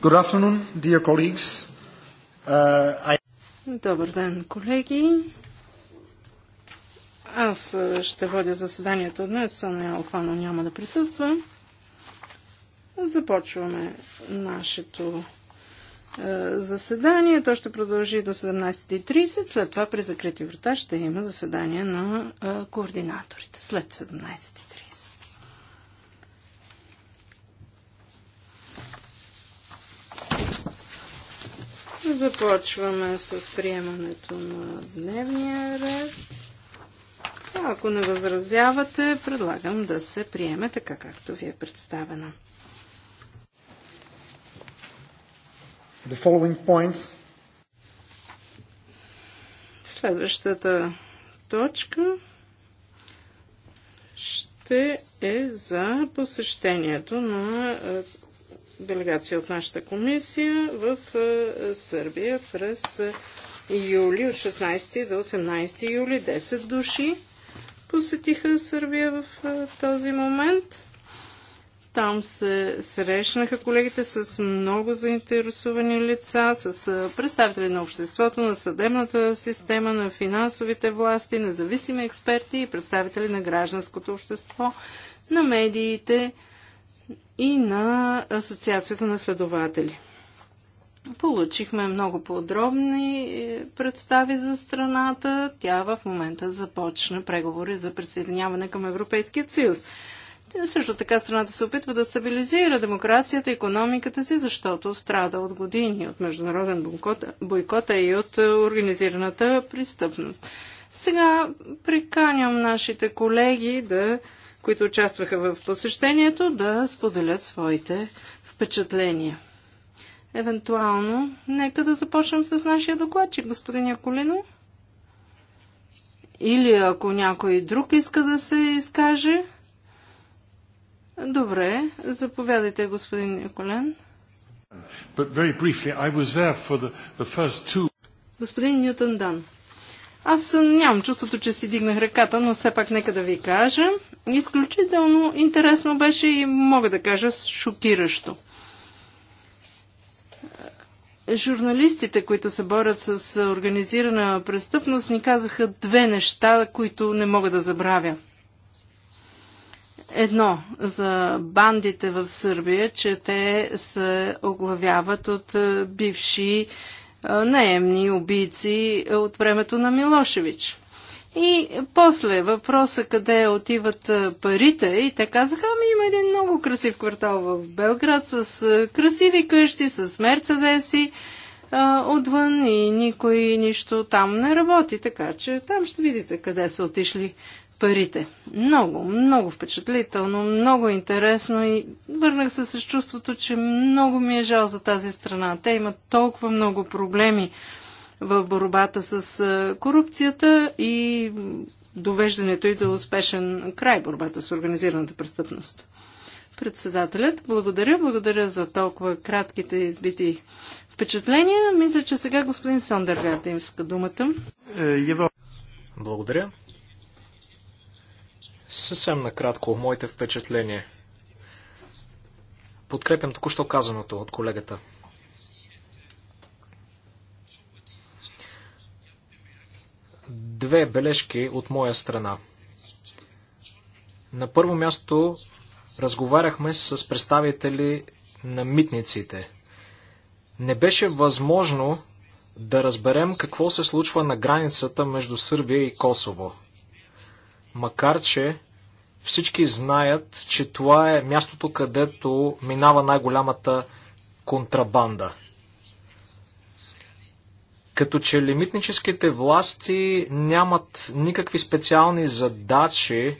Good afternoon, dear colleagues. Uh, I... Добър ден, колеги. Аз ще водя заседанието днес, не Алфано няма да присъства. Започваме нашето е, заседание. То ще продължи до 17.30. След това при закрити врата ще има заседание на е, координаторите след 17.30. Започваме с приемането на дневния ред. Ако не възразявате, предлагам да се приеме така, както ви е представено. The following points. Следващата точка ще е за посещението на е, делегация от нашата комисия в е, Сърбия през е, юли, от 16 до 18 юли. 10 души посетиха Сърбия в е, този момент. Там се срещнаха колегите с много заинтересовани лица, с представители на обществото, на съдебната система, на финансовите власти, независими експерти и представители на гражданското общество, на медиите, и на Асоциацията на следователи. Получихме много подробни е, представи за страната. Тя в момента започна преговори за присъединяване към Европейския съюз. Също така страната се опитва да стабилизира демокрацията, економиката си, защото страда от години от международен бойкот, и от е, организираната престъпност. Сега приканям нашите колеги да които участваха в посещението, да споделят своите впечатления. Евентуално, нека да започнем с нашия докладчик, господин Яколино. Или ако някой друг иска да се изкаже. Добре, заповядайте, господин Яколен. Briefly, two... Господин Ньютон Дан. Аз нямам чувството, че си дигнах ръката, но все пак нека да ви кажа. Изключително интересно беше и мога да кажа шокиращо. Журналистите, които се борят с организирана престъпност, ни казаха две неща, които не мога да забравя едно за бандите в Сърбия, че те се оглавяват от е, бивши е, наемни убийци от времето на Милошевич. И после въпроса къде отиват парите и те казаха, ами има един много красив квартал в Белград с красиви къщи, с мерцедеси отвън и никой нищо там не работи, така че там ще видите къде са отишли парите. Много, много впечатлително, много интересно и върнах се с чувството, че много ми е жал за тази страна. Те имат толкова много проблеми в борбата с корупцията и довеждането и до успешен край борбата с организираната престъпност. Председателят, благодаря, благодаря за толкова кратките бити впечатления. Мисля, че сега господин Сондергард им иска думата. Е, благодаря. Съвсем накратко, моите впечатления. Подкрепям току-що казаното от колегата. Две бележки от моя страна. На първо място разговаряхме с представители на митниците. Не беше възможно да разберем какво се случва на границата между Сърбия и Косово. Макар, че всички знаят, че това е мястото, където минава най-голямата контрабанда – като че лимитническите власти нямат никакви специални задачи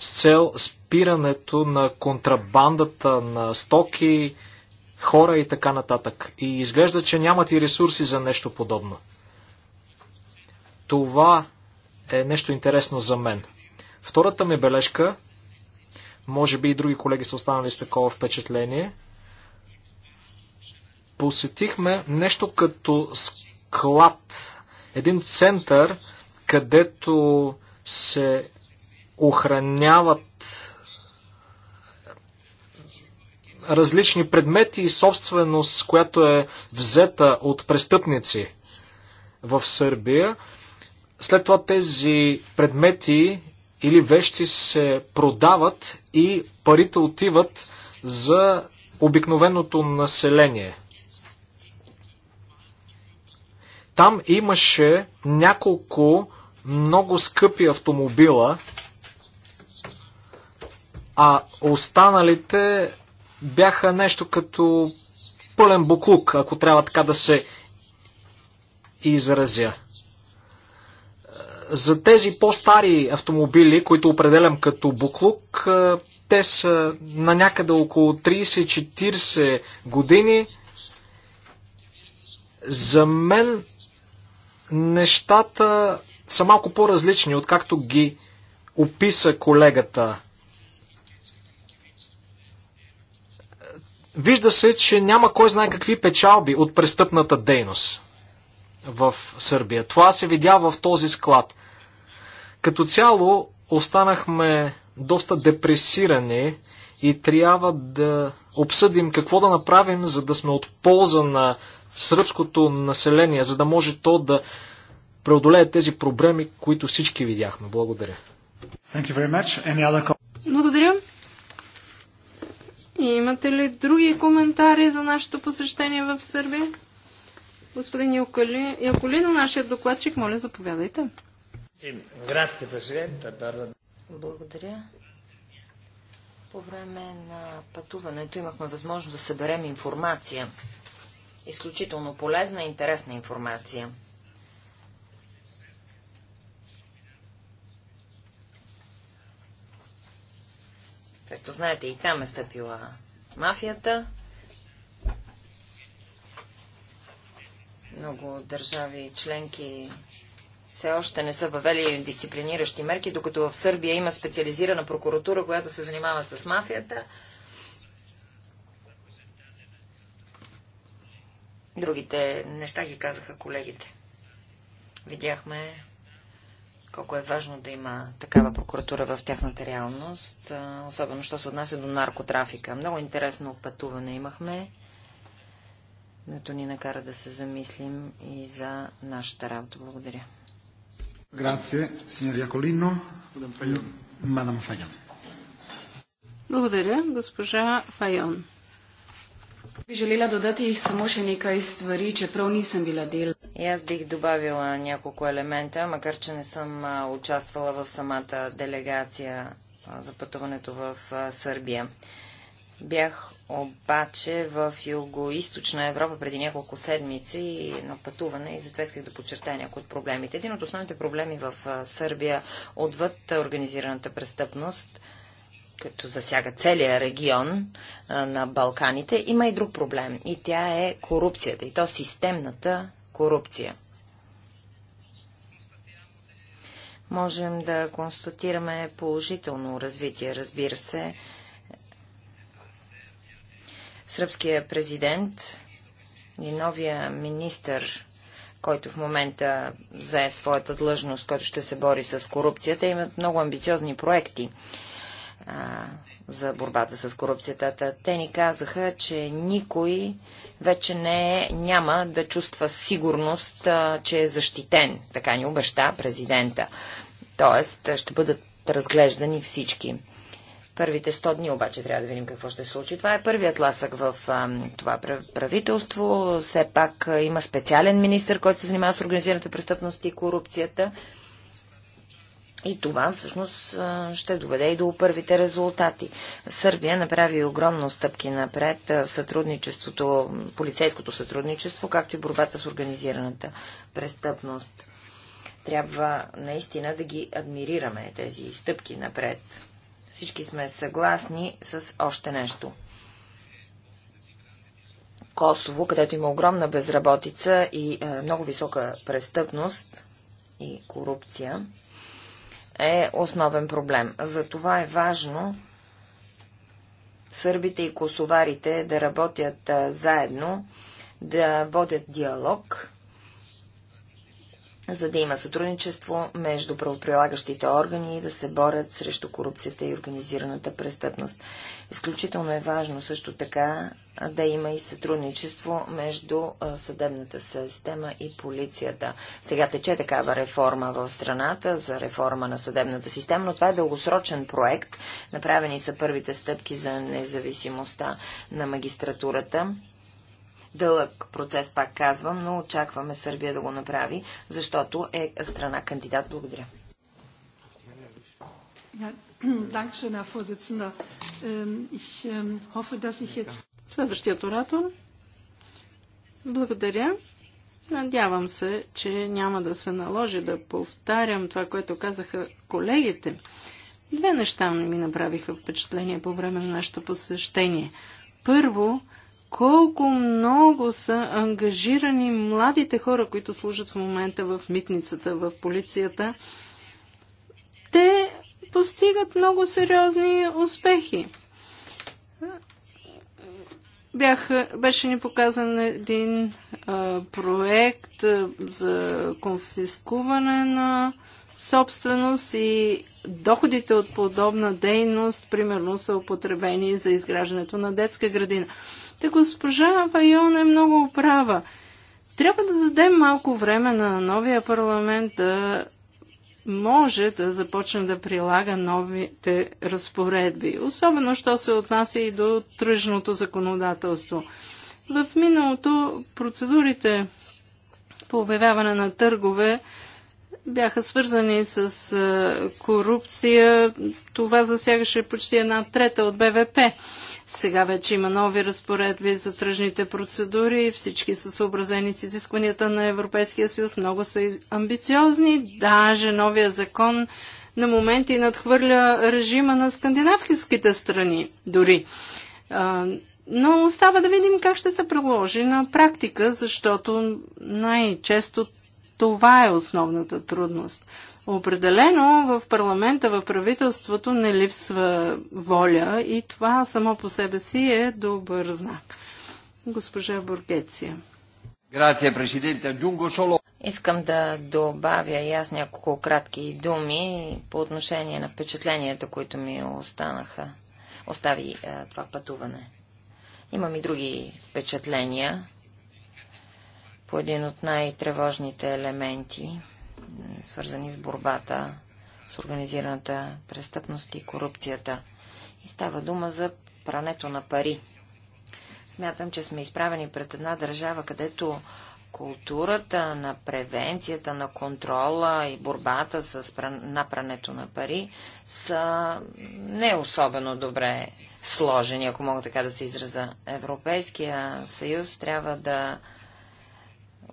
с цел спирането на контрабандата на стоки, хора и така нататък. И изглежда, че нямат и ресурси за нещо подобно. Това е нещо интересно за мен. Втората ми бележка, може би и други колеги са останали с такова впечатление, посетихме нещо като клад, един център, където се охраняват различни предмети и собственост, която е взета от престъпници в Сърбия. След това тези предмети или вещи се продават и парите отиват за обикновеното население – Там имаше няколко много скъпи автомобила, а останалите бяха нещо като пълен буклук, ако трябва така да се изразя. За тези по-стари автомобили, които определям като буклук, те са на някъде около 30-40 години. За мен Нещата са малко по-различни, откакто ги описа колегата. Вижда се, че няма кой знае какви печалби от престъпната дейност в Сърбия. Това се видя в този склад. Като цяло останахме доста депресирани и трябва да обсъдим какво да направим, за да сме от полза на сръбското население, за да може то да преодолее тези проблеми, които всички видяхме. Благодаря. Other... Благодаря. И имате ли други коментари за нашето посещение в Сърбия? Господин Яколино, нашият нашия докладчик, моля, заповядайте. Благодаря. По време на пътуването имахме възможност да съберем информация Изключително полезна и интересна информация. Както знаете, и там е стъпила мафията. Много държави и членки все още не са въвели дисциплиниращи мерки, докато в Сърбия има специализирана прокуратура, която се занимава с мафията. Другите неща ги казаха колегите. Видяхме колко е важно да има такава прокуратура в тяхната реалност, особено що се отнася до наркотрафика. Много интересно пътуване имахме, което ни накара да се замислим и за нашата работа. Благодаря. Грация, синьор Яколино. Мадам Фаян. Благодаря, госпожа Файон. Би желела додати само ще некай ствари, чеправ не съм била дел. И аз бих добавила няколко елемента, макар че не съм участвала в самата делегация за пътуването в Сърбия. Бях обаче в Юго-Источна Европа преди няколко седмици на пътуване и затова исках да подчертая някои от проблемите. Един от основните проблеми в Сърбия, отвъд организираната престъпност, като засяга целия регион на Балканите, има и друг проблем. И тя е корупцията, и то системната корупция. Можем да констатираме положително развитие, разбира се. Сръбския президент и новия министър който в момента зае своята длъжност, който ще се бори с корупцията, имат много амбициозни проекти а, за борбата с корупцията. Те ни казаха, че никой вече не е, няма да чувства сигурност, а, че е защитен. Така ни обеща президента. Тоест, ще бъдат разглеждани всички. Първите 100 дни обаче трябва да видим какво ще се случи. Това е първият ласък в а, това правителство. Все пак има специален министр, който се занимава с организираната престъпност и корупцията. И това всъщност ще доведе и до първите резултати. Сърбия направи огромно стъпки напред в сътрудничеството, полицейското сътрудничество, както и борбата с организираната престъпност. Трябва наистина да ги адмирираме, тези стъпки напред. Всички сме съгласни с още нещо. Косово, където има огромна безработица и много висока престъпност и корупция е основен проблем. Затова е важно сърбите и косоварите да работят заедно, да водят диалог за да има сътрудничество между правоприлагащите органи и да се борят срещу корупцията и организираната престъпност. Изключително е важно също така да има и сътрудничество между съдебната система и полицията. Сега тече такава реформа в страната за реформа на съдебната система, но това е дългосрочен проект. Направени са първите стъпки за независимостта на магистратурата дълъг процес, пак казвам, но очакваме Сърбия да го направи, защото е страна кандидат. Благодаря. Ähm, ähm, Следващият оратор. Благодаря. Надявам се, че няма да се наложи да повтарям това, което казаха колегите. Две неща ми направиха впечатление по време на нашето посещение. Първо, колко много са ангажирани младите хора, които служат в момента в митницата, в полицията. Те постигат много сериозни успехи. Бях, беше ни показан един а, проект а, за конфискуване на собственост и доходите от подобна дейност, примерно, са употребени за изграждането на детска градина. Те госпожа Вайон е много права. Трябва да дадем малко време на новия парламент да може да започне да прилага новите разпоредби, особено що се отнася и до тръжното законодателство. В миналото процедурите по обявяване на търгове бяха свързани с корупция. Това засягаше почти една трета от БВП. Сега вече има нови разпоредби за тръжните процедури, всички са съобразени с изискванията на Европейския съюз, много са амбициозни, даже новия закон на моменти надхвърля режима на скандинавските страни дори. Но остава да видим как ще се приложи на практика, защото най-често това е основната трудност. Определено в парламента, в правителството не липсва воля и това само по себе си е добър знак. Госпожа Бургеция. Грация, президента. Джунго Шоло, Искам да добавя и аз няколко кратки думи по отношение на впечатленията, които ми останаха, остави е, това пътуване. Имам и други впечатления по един от най-тревожните елементи – свързани с борбата с организираната престъпност и корупцията. И става дума за прането на пари. Смятам, че сме изправени пред една държава, където културата на превенцията, на контрола и борбата с напрането на пари са не особено добре сложени, ако мога така да се израза. Европейския съюз трябва да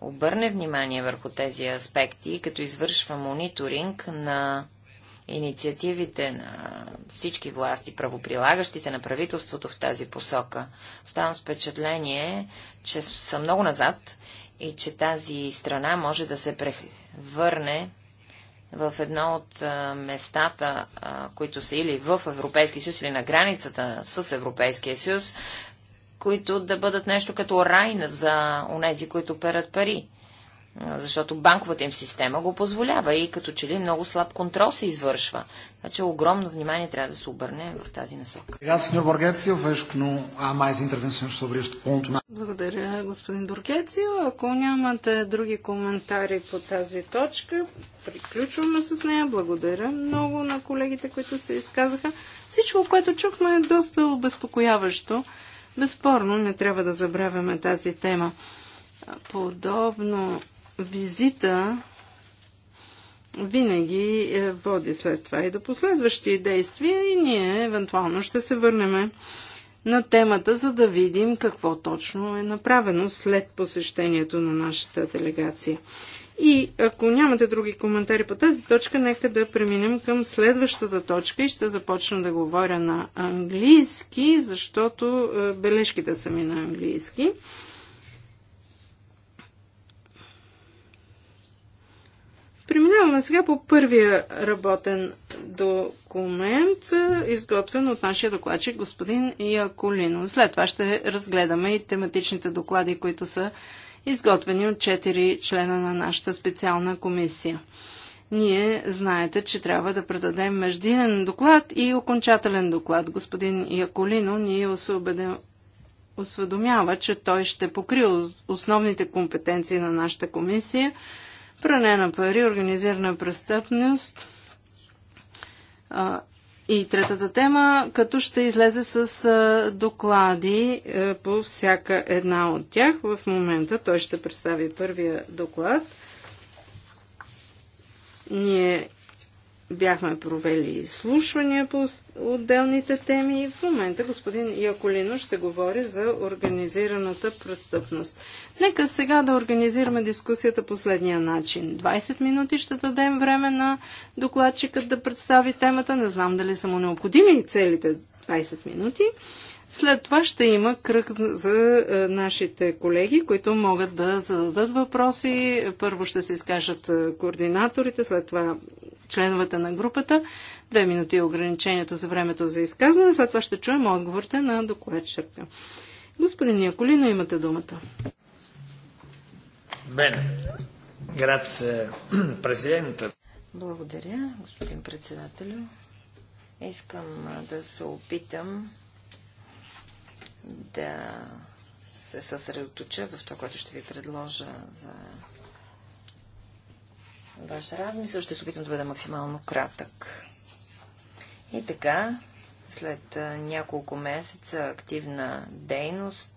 обърне внимание върху тези аспекти, като извършва мониторинг на инициативите на всички власти, правоприлагащите на правителството в тази посока. Оставам с впечатление, че са много назад и че тази страна може да се превърне в едно от местата, които са или в Европейския съюз, или на границата с Европейския съюз, които да бъдат нещо като райна за онези, които перат пари. Защото банковата им система го позволява и като че ли много слаб контрол се извършва. Така значи че огромно внимание трябва да се обърне в тази насока. Благодаря, господин Боргецио. Ако нямате други коментари по тази точка, приключваме с нея. Благодаря много на колегите, които се изказаха. Всичко, което чухме е доста обезпокояващо. Безспорно не трябва да забравяме тази тема. Подобно визита винаги е, води след това и до последващи действия и ние евентуално ще се върнем на темата, за да видим какво точно е направено след посещението на нашата делегация. И ако нямате други коментари по тази точка, нека да преминем към следващата точка и ще започна да говоря на английски, защото е, бележките са ми на английски. Преминаваме сега по първия работен документ, е, изготвен от нашия докладчик господин Яколино. След това ще разгледаме и тематичните доклади, които са изготвени от четири члена на нашата специална комисия. Ние знаете, че трябва да предадем междинен доклад и окончателен доклад. Господин Яколино ни осведомява, че той ще покрие основните компетенции на нашата комисия пране на пари, организирана престъпност, и третата тема, като ще излезе с доклади е, по всяка една от тях. В момента той ще представи първия доклад. Ние бяхме провели слушвания по отделните теми и в момента господин Яколино ще говори за организираната престъпност. Нека сега да организираме дискусията последния начин. 20 минути ще дадем време на докладчикът да представи темата. Не знам дали са му необходими целите 20 минути. След това ще има кръг за е, нашите колеги, които могат да зададат въпроси. Първо ще се изкажат е, координаторите, след това членовете на групата. Две минути е ограничението за времето за изказване. След това ще чуем отговорите на докладчика. Господин Яколино, имате думата. Бене. Грация, президента. Благодаря, господин председателю. Искам да се опитам да се съсредоточа в това, което ще ви предложа за ваша размисъл. Ще се опитам да бъда максимално кратък. И така, след няколко месеца активна дейност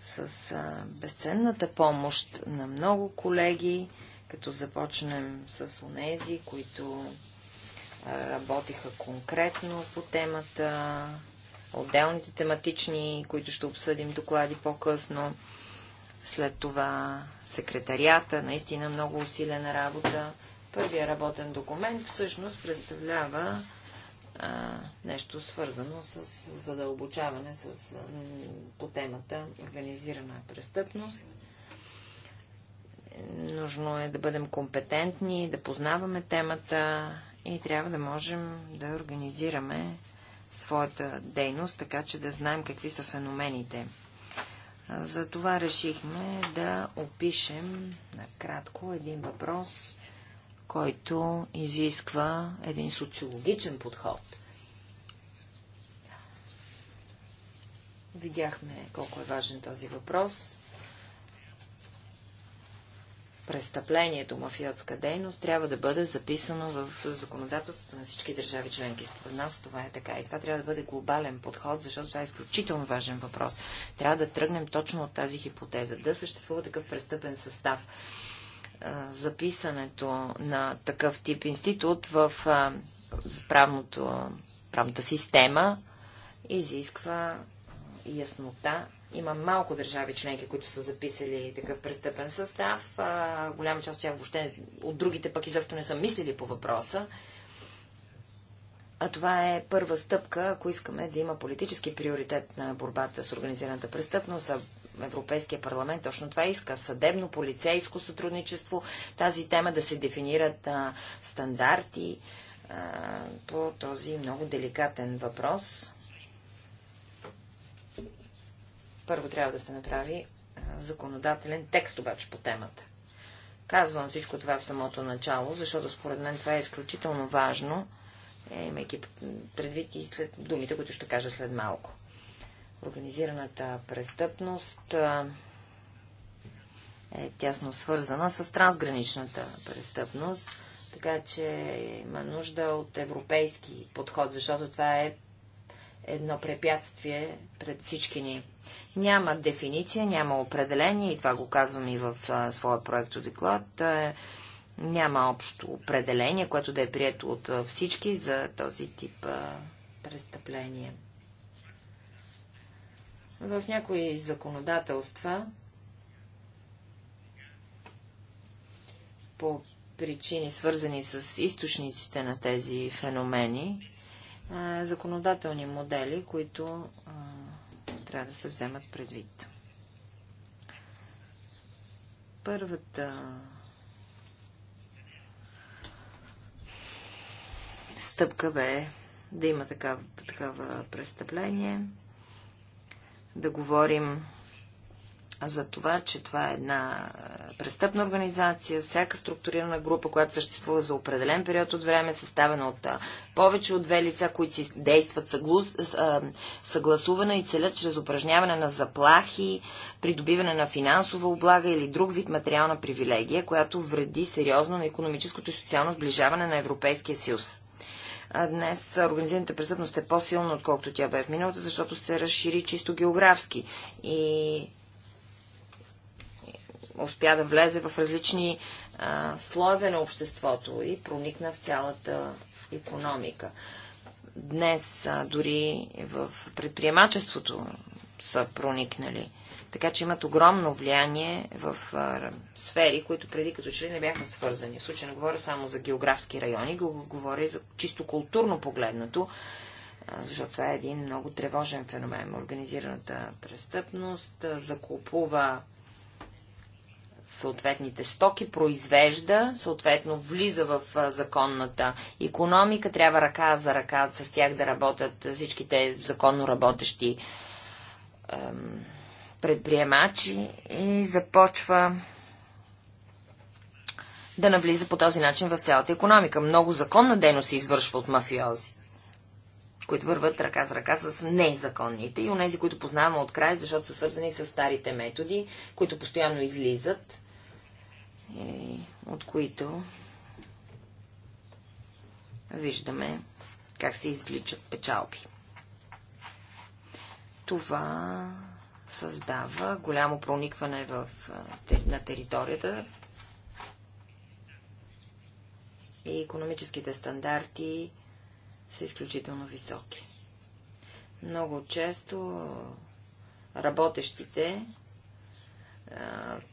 с безценната помощ на много колеги, като започнем с онези, които работиха конкретно по темата, отделните тематични, които ще обсъдим доклади по-късно. След това секретарията, наистина много усилена работа. Първия работен документ всъщност представлява а, нещо свързано с задълбочаване с, по темата организирана е престъпност. Нужно е да бъдем компетентни, да познаваме темата и трябва да можем да организираме своята дейност, така че да знаем какви са феномените. За това решихме да опишем накратко един въпрос, който изисква един социологичен подход. Видяхме колко е важен този въпрос. Престъплението, мафиотска дейност, трябва да бъде записано в законодателството на всички държави членки. Според нас това е така. И това трябва да бъде глобален подход, защото това е изключително важен въпрос. Трябва да тръгнем точно от тази хипотеза. Да съществува такъв престъпен състав записането на такъв тип институт в правното, правната система изисква яснота. Има малко държави членки, които са записали такъв престъпен състав. голяма част от тях въобще от другите пък изобщо не са мислили по въпроса. А това е първа стъпка, ако искаме да има политически приоритет на борбата с организираната престъпност, а Европейския парламент точно това иска. Съдебно-полицейско сътрудничество, тази тема да се дефинират а, стандарти а, по този много деликатен въпрос. Първо трябва да се направи законодателен текст обаче по темата. Казвам всичко това в самото начало, защото според мен това е изключително важно, е, имайки предвид и след думите, които ще кажа след малко. Организираната престъпност е тясно свързана с трансграничната престъпност, така че има нужда от европейски подход, защото това е едно препятствие пред всички ни. Няма дефиниция, няма определение, и това го казвам и в своя проектодеклад. А, няма общо определение, което да е прието от всички за този тип престъпление. В някои законодателства по причини, свързани с източниците на тези феномени, законодателни модели, които трябва да се вземат предвид. Първата стъпка бе да има такава, такава престъпление, да говорим за това, че това е една е, престъпна организация, всяка структурирана група, която съществува за определен период от време, съставена от е, повече от две лица, които си действат е, съгласувано и целят чрез упражняване на заплахи, придобиване на финансова облага или друг вид материална привилегия, която вреди сериозно на економическото и социално сближаване на Европейския съюз днес организираната престъпност е по-силна, отколкото тя бе в миналото, защото се разшири чисто географски и успя да влезе в различни а, слоеве на обществото и проникна в цялата економика. Днес а, дори в предприемачеството са проникнали. Така че имат огромно влияние в а, сфери, които преди като че ли не бяха свързани. В случай не говоря само за географски райони, говоря и за чисто културно погледнато, защото това е един много тревожен феномен. Организираната престъпност закупува съответните стоки, произвежда, съответно влиза в законната економика, трябва ръка за ръка с тях да работят всичките законно работещи ем, предприемачи и започва да навлиза по този начин в цялата економика. Много законна дейност се извършва от мафиози, които върват ръка с ръка с незаконните и онези, които познаваме от край, защото са свързани с старите методи, които постоянно излизат, и от които виждаме как се извличат печалби. Това създава голямо проникване в, на територията и економическите стандарти са изключително високи. Много често работещите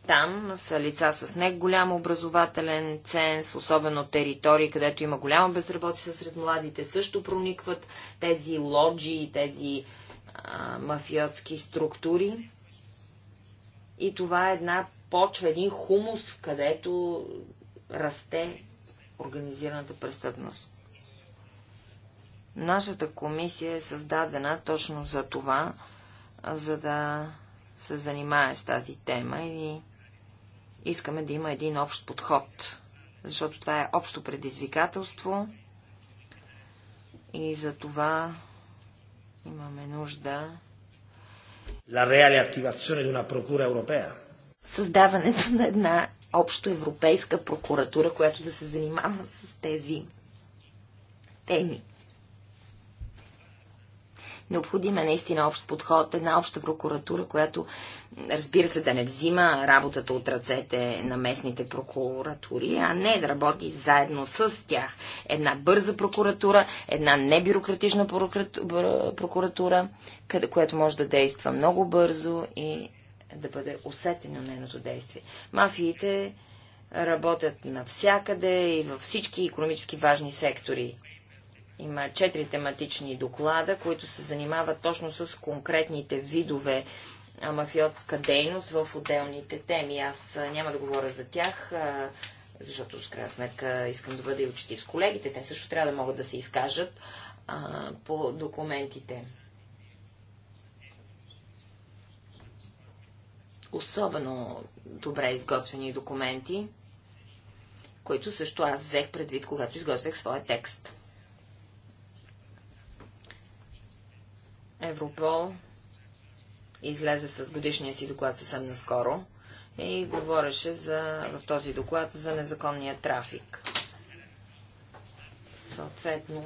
там са лица с не голям образователен ценз, особено територии, където има голяма безработица сред младите, също проникват тези лоджи, тези а, мафиотски структури. И това е една почва, един хумус, където расте организираната престъпност. Нашата комисия е създадена точно за това, за да се занимае с тази тема и искаме да има един общ подход, защото това е общо предизвикателство и за това Имаме нужда. La reale attivazione di una procura europea. Създаването на една общоевропейска прокуратура, която да се занимава с тези теми. Необходим е наистина общ подход, една обща прокуратура, която, разбира се, да не взима работата от ръцете на местните прокуратури, а не да работи заедно с тях. Една бърза прокуратура, една небюрократична прокуратура, която може да действа много бързо и да бъде усетено нейното действие. Мафиите работят навсякъде и във всички економически важни сектори. Има четири тематични доклада, които се занимават точно с конкретните видове мафиотска дейност в отделните теми. Аз няма да говоря за тях, защото с крайна сметка искам да бъда и учтив с колегите. Те също трябва да могат да се изкажат по документите. Особено добре изготвени документи, които също аз взех предвид, когато изготвях своя текст. Европол излезе с годишния си доклад съвсем наскоро и говореше за, в този доклад за незаконния трафик. Съответно.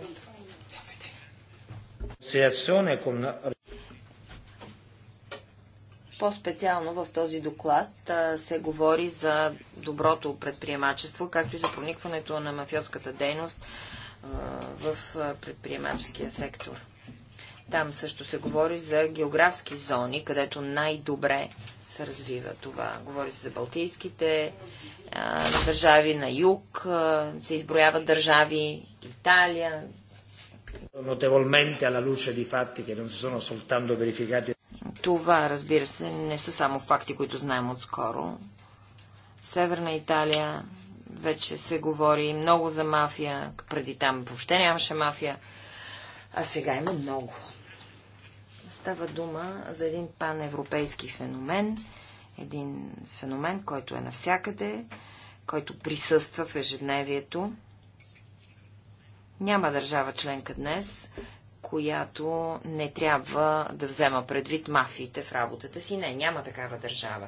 По-специално в този доклад а, се говори за доброто предприемачество, както и за проникването на мафиотската дейност а, в предприемаческия сектор. Там също се говори за географски зони, където най-добре се развива това. Говори се за Балтийските а, държави, на юг а, се изброяват държави, Италия. Notevolmente alla luce di fatti che non si sono soltanto verificati това, разбира се, не са само факти, които знаем отскоро. В Северна Италия вече се говори много за мафия. Преди там въобще нямаше мафия. А сега има много. Става дума за един паневропейски феномен, един феномен, който е навсякъде, който присъства в ежедневието. Няма държава членка днес, която не трябва да взема предвид мафиите в работата си. Не, няма такава държава.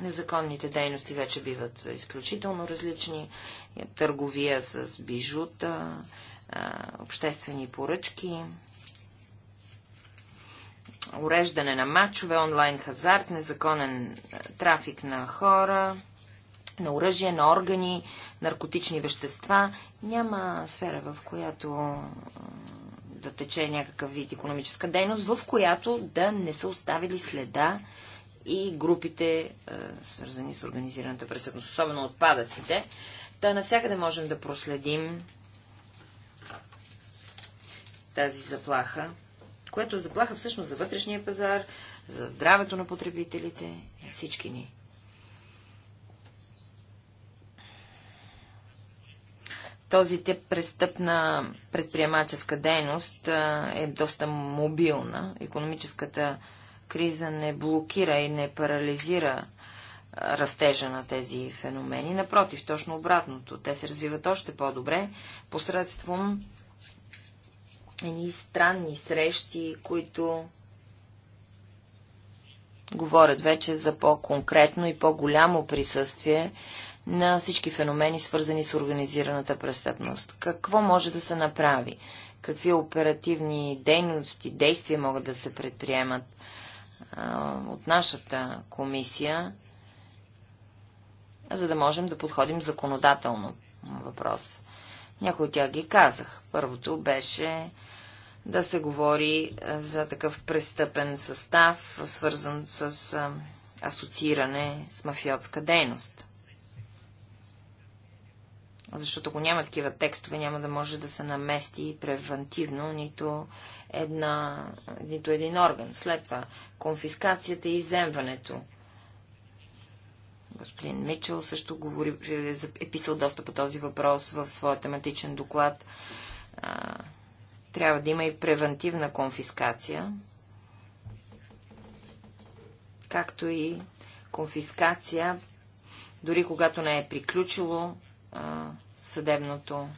Незаконните дейности вече биват изключително различни. Търговия с бижута, обществени поръчки, уреждане на матчове, онлайн хазарт, незаконен трафик на хора, на оръжие, на органи, наркотични вещества. Няма сфера, в която да тече някакъв вид економическа дейност, в която да не са оставили следа и групите, е, свързани с организираната престъпност, особено отпадъците. Та навсякъде можем да проследим тази заплаха, което е заплаха всъщност за вътрешния пазар, за здравето на потребителите и всички ни. Този тип престъпна предприемаческа дейност е, е доста мобилна. Економическата криза не блокира и не парализира растежа на тези феномени. Напротив, точно обратното. Те се развиват още по-добре посредством едни странни срещи, които говорят вече за по-конкретно и по-голямо присъствие на всички феномени, свързани с организираната престъпност. Какво може да се направи? Какви оперативни дейности, действия могат да се предприемат? от нашата комисия, за да можем да подходим законодателно въпрос. Някои от тях ги казах. Първото беше да се говори за такъв престъпен състав, свързан с асоцииране с мафиотска дейност защото ако няма такива текстове, няма да може да се намести превентивно нито, една, нито един орган. След това конфискацията и иземването. Господин Мичел също говори, е, е писал доста по този въпрос в своя тематичен доклад. Трябва да има и превентивна конфискация, както и конфискация, дори когато не е приключило съдебното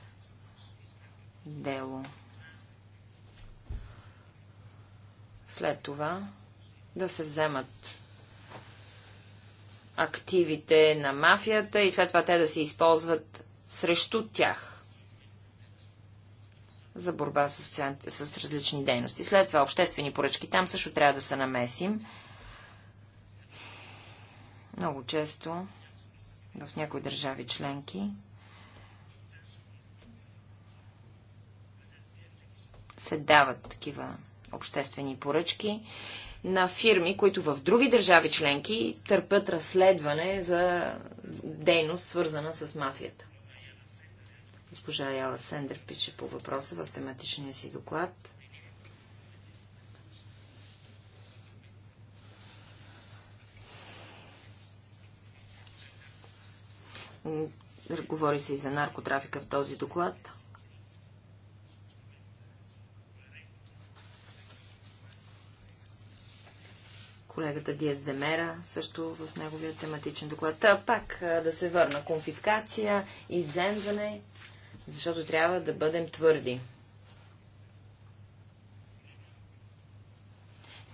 дело. След това да се вземат активите на мафията и след това те да се използват срещу тях за борба с, с различни дейности. След това обществени поръчки. Там също трябва да се намесим. Много често в някои държави членки се дават такива обществени поръчки на фирми, които в други държави членки търпят разследване за дейност, свързана с мафията. Госпожа Яла Сендер пише по въпроса в тематичния си доклад. Говори се и за наркотрафика в този доклад. колегата Диас Демера, също в неговия тематичен доклад. Та, пак да се върна. Конфискация, иземване, защото трябва да бъдем твърди.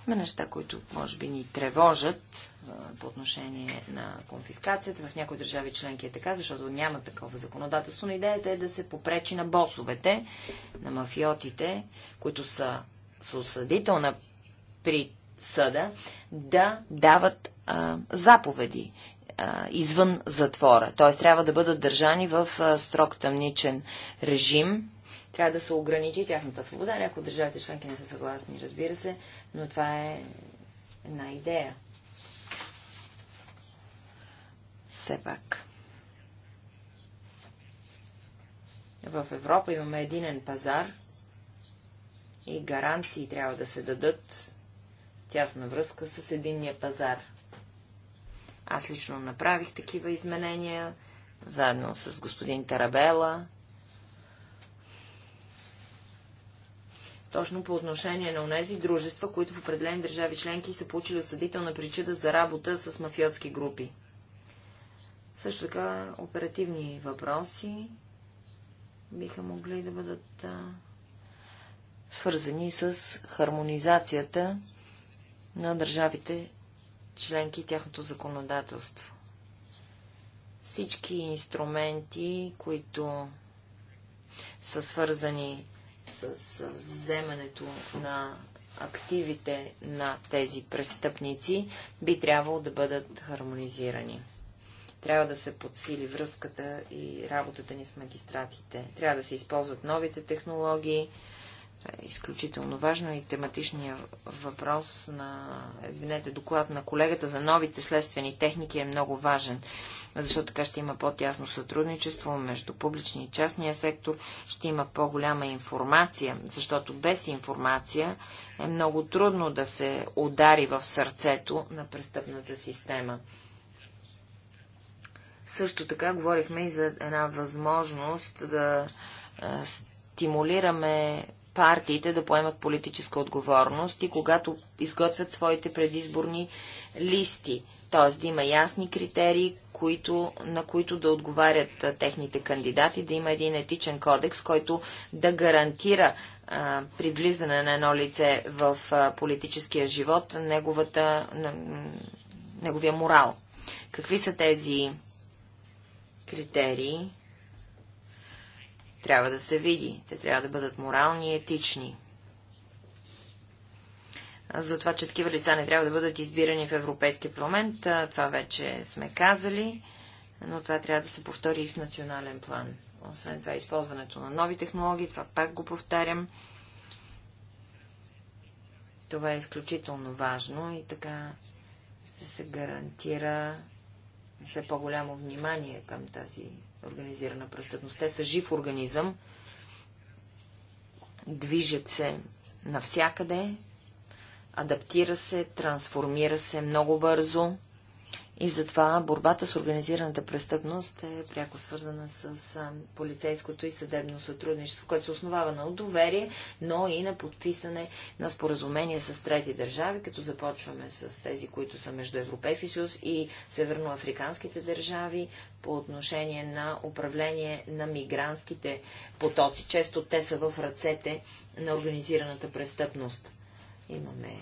Има неща, които може би ни тревожат по отношение на конфискацията. В някои държави членки е така, защото няма такова законодателство. Но идеята е да се попречи на босовете, на мафиотите, които са съосъдителна при съда да дават а, заповеди а, извън затвора. Т.е. трябва да бъдат държани в а, строг тъмничен режим. Трябва да се ограничи тяхната свобода. Някои държавите членки не са съгласни, разбира се, но това е една идея. Все пак. В Европа имаме единен пазар и гаранции трябва да се дадат тясна връзка с единния пазар. Аз лично направих такива изменения, заедно с господин Тарабела. Точно по отношение на онези дружества, които в определени държави членки са получили осъдителна причина за работа с мафиотски групи. Също така оперативни въпроси биха могли да бъдат а, свързани с хармонизацията на държавите членки и тяхното законодателство. Всички инструменти, които са свързани с вземането на активите на тези престъпници, би трябвало да бъдат хармонизирани. Трябва да се подсили връзката и работата ни с магистратите. Трябва да се използват новите технологии, е изключително важно и тематичният въпрос на, извинете, доклад на колегата за новите следствени техники е много важен, защото така ще има по-тясно сътрудничество между публичния и частния сектор, ще има по-голяма информация, защото без информация е много трудно да се удари в сърцето на престъпната система. Също така говорихме и за една възможност да е, стимулираме партиите да поемат политическа отговорност и когато изготвят своите предизборни листи. Т.е. да има ясни критерии, които, на които да отговарят а, техните кандидати, да има един етичен кодекс, който да гарантира а, при влизане на едно лице в а, политическия живот неговата, неговия морал. Какви са тези критерии? трябва да се види. Те трябва да бъдат морални и етични. За това, че такива лица не трябва да бъдат избирани в Европейския парламент, това вече сме казали, но това трябва да се повтори и в национален план. Освен това, използването на нови технологии, това пак го повтарям. Това е изключително важно и така ще се гарантира все по-голямо внимание към тази организирана престъпност. Те са жив организъм, движат се навсякъде, адаптира се, трансформира се много бързо – и затова борбата с организираната престъпност е пряко свързана с полицейското и съдебно сътрудничество, което се основава на доверие, но и на подписане на споразумение с трети държави, като започваме с тези, които са между Европейски съюз и северноафриканските държави по отношение на управление на мигрантските потоци. Често те са в ръцете на организираната престъпност. Имаме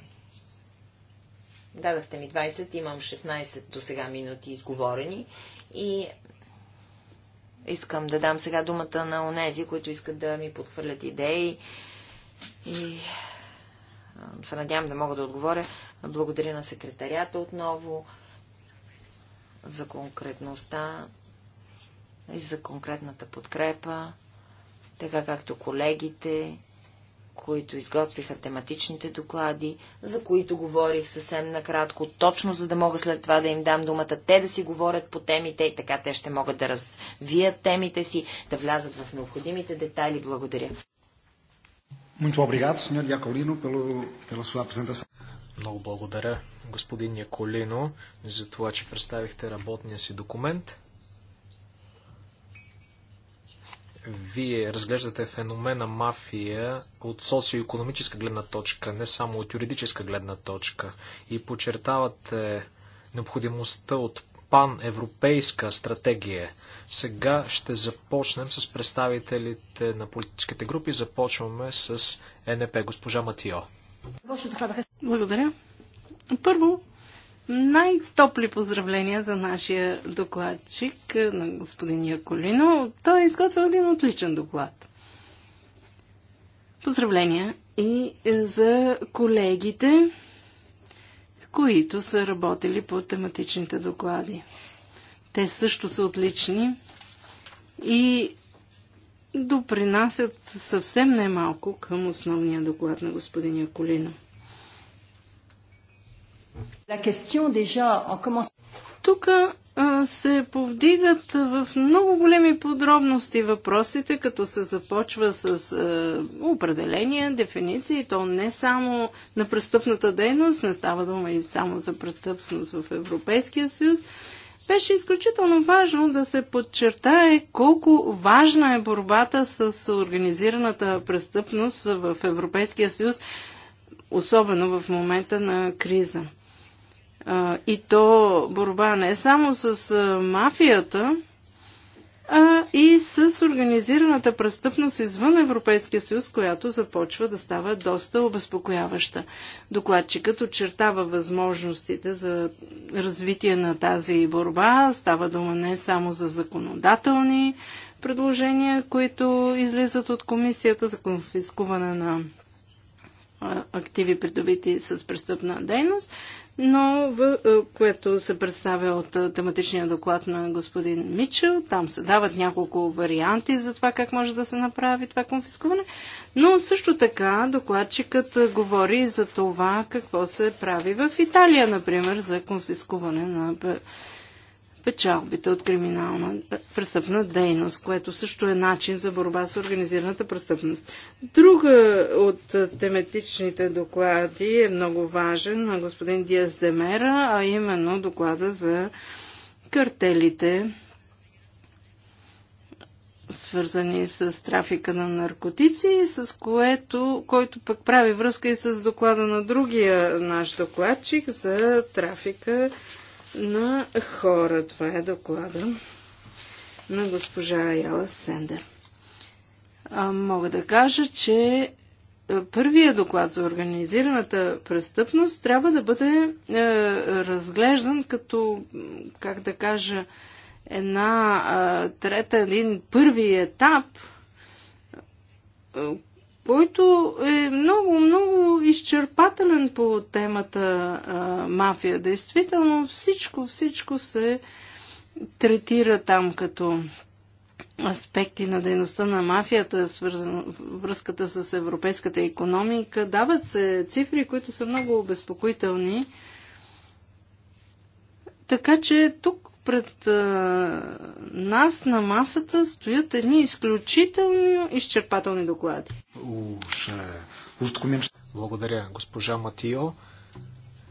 Дадахте ми 20, имам 16 до сега минути изговорени и искам да дам сега думата на онези, които искат да ми подхвърлят идеи и се надявам да мога да отговоря. Благодаря на секретарята отново за конкретността и за конкретната подкрепа, така както колегите които изготвиха тематичните доклади, за които говорих съвсем накратко, точно за да мога след това да им дам думата, те да си говорят по темите и така те ще могат да развият темите си, да влязат в необходимите детайли. Благодаря. Muito obrigado, senhor Iacolino, pelo, pela sua apresentação. Много благодаря, господин Яколино, за това, че представихте работния си документ. вие разглеждате феномена мафия от социо-економическа гледна точка, не само от юридическа гледна точка и подчертавате необходимостта от паневропейска стратегия. Сега ще започнем с представителите на политическите групи. Започваме с НП, госпожа Матио. Благодаря. Първо, най-топли поздравления за нашия докладчик, е, на господин Яколино. Той е изготвил един отличен доклад. Поздравления и е, за колегите, които са работили по тематичните доклади. Те също са отлични и допринасят съвсем немалко към основния доклад на господин Яколино. Тук се повдигат в много големи подробности въпросите, като се започва с е, определения, дефиниции, то не само на престъпната дейност, не става дума и само за престъпност в Европейския съюз. Беше изключително важно да се подчертае колко важна е борбата с организираната престъпност в Европейския съюз, особено в момента на криза и то борба не само с мафията, а и с организираната престъпност извън Европейския съюз, която започва да става доста обезпокояваща. Докладчикът очертава възможностите за развитие на тази борба. Става дума не само за законодателни предложения, които излизат от комисията за конфискуване на активи, придобити с престъпна дейност, но в, е, което се представя от е, тематичния доклад на господин Мичел. Там се дават няколко варианти за това как може да се направи това конфискуване, но също така докладчикът е, говори за това какво се прави в Италия, например, за конфискуване на печалбите от криминална престъпна дейност, което също е начин за борба с организираната престъпност. Друга от тематичните доклади е много важен на господин Диас Демера, а именно доклада за картелите, свързани с трафика на наркотици, с което, който пък прави връзка и с доклада на другия наш докладчик за трафика на хора. Това е доклада на госпожа Яла Сендер. А, мога да кажа, че първия доклад за организираната престъпност трябва да бъде е, разглеждан като, как да кажа, една е, трета, един първи етап, който е много, много изчерпателен по темата а, мафия. Действително всичко, всичко се третира там като аспекти на дейността на мафията, свързан, връзката с европейската економика. Дават се цифри, които са много обезпокоителни. Така че тук пред а, нас на масата стоят едни изключително изчерпателни доклади. Уж, е, уж документ. Благодаря, госпожа Матио.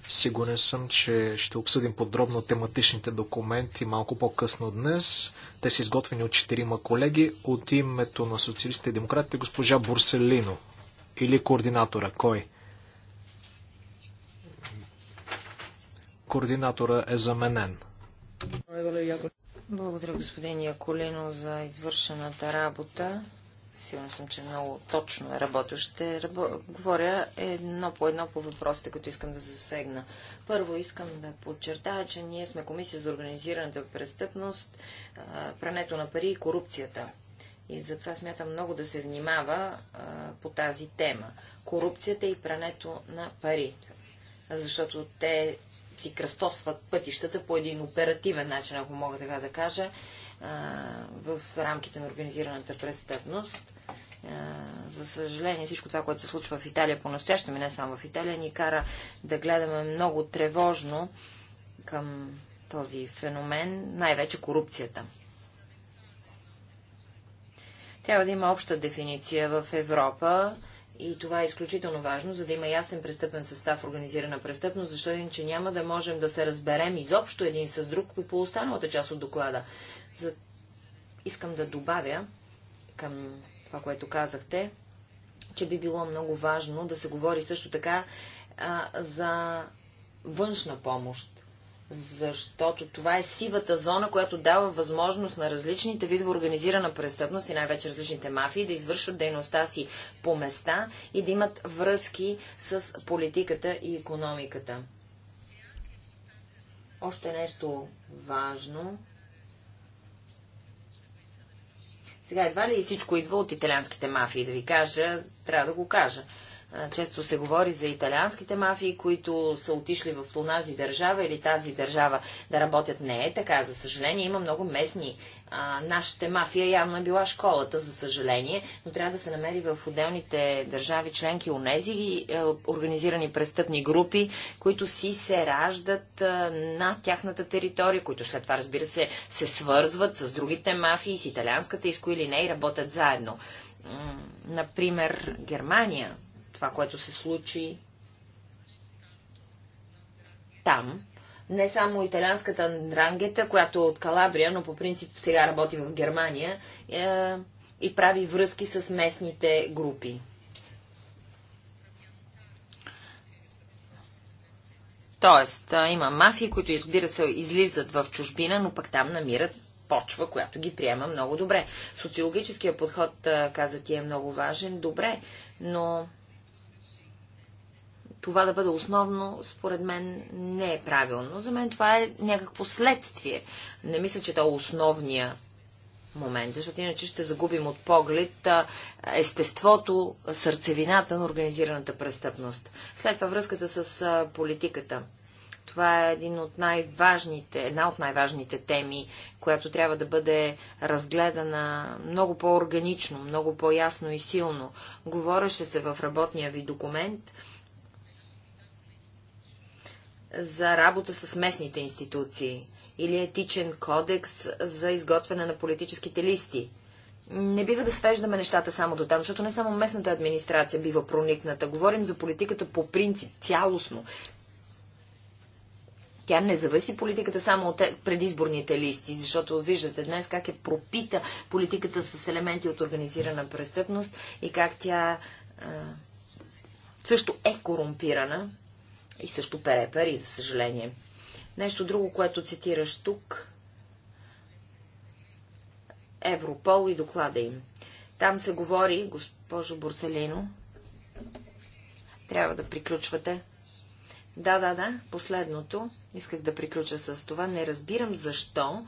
Сигурен съм, че ще обсъдим подробно тематичните документи малко по-късно днес. Те са изготвени от четирима колеги от името на социалистите и демократите госпожа Бурселино. или координатора. Кой? Координатора е заменен. Благодаря, господин Яколино, за извършената работа. Сигурна съм, че много точно е работил. Ще рабо... говоря едно по едно по въпросите, които искам да засегна. Първо искам да подчертая, че ние сме комисия за организираната престъпност, прането на пари и корупцията. И затова смятам много да се внимава а, по тази тема. Корупцията и прането на пари. Защото те си кръстосват пътищата по един оперативен начин, ако мога така да кажа, в рамките на организираната престъпност. За съжаление, всичко това, което се случва в Италия по-настоящем не само в Италия, ни кара да гледаме много тревожно към този феномен, най-вече корупцията. Трябва да има обща дефиниция в Европа и това е изключително важно, за да има ясен престъпен състав, организирана престъпност, защото иначе няма да можем да се разберем изобщо един с друг по останалата част от доклада. За... Искам да добавя към това, което казахте, че би било много важно да се говори също така а, за външна помощ защото това е сивата зона, която дава възможност на различните видове организирана престъпност и най-вече различните мафии да извършват дейността си по места и да имат връзки с политиката и економиката. Още нещо важно. Сега едва ли всичко идва от италианските мафии, да ви кажа, трябва да го кажа. Често се говори за италианските мафии, които са отишли в тази държава или тази държава да работят. Не е така. За съжаление, има много местни. А, нашата мафия явно е била школата, за съжаление, но трябва да се намери в отделните държави членки унези е, организирани престъпни групи, които си се раждат е, на тяхната територия, които след това, разбира се, се свързват с другите мафии, с италианската, и с кои или не, и работят заедно. М например, Германия това, което се случи там. Не само италианската дрангета, която е от Калабрия, но по принцип сега работи в Германия е, и прави връзки с местните групи. Тоест, има мафии, които избира се излизат в чужбина, но пък там намират почва, която ги приема много добре. Социологическия подход, каза ти, е много важен. Добре, но това да бъде основно, според мен не е правилно. За мен това е някакво следствие. Не мисля, че то е основния момент, защото иначе ще загубим от поглед естеството, сърцевината на организираната престъпност. След това връзката с политиката. Това е един от най-важните, една от най-важните теми, която трябва да бъде разгледана много по-органично, много по-ясно и силно. Говореше се в работния ви документ за работа с местните институции или етичен кодекс за изготвяне на политическите листи. Не бива да свеждаме нещата само до там, защото не само местната администрация бива проникната. Говорим за политиката по принцип, цялостно. Тя не зависи политиката само от е- предизборните листи, защото виждате днес как е пропита политиката с елементи от организирана престъпност и как тя а, също е корумпирана и също пере пари, за съжаление. Нещо друго, което цитираш тук. Европол и доклада им. Там се говори, госпожо Борселино, трябва да приключвате. Да, да, да, последното. Исках да приключа с това. Не разбирам защо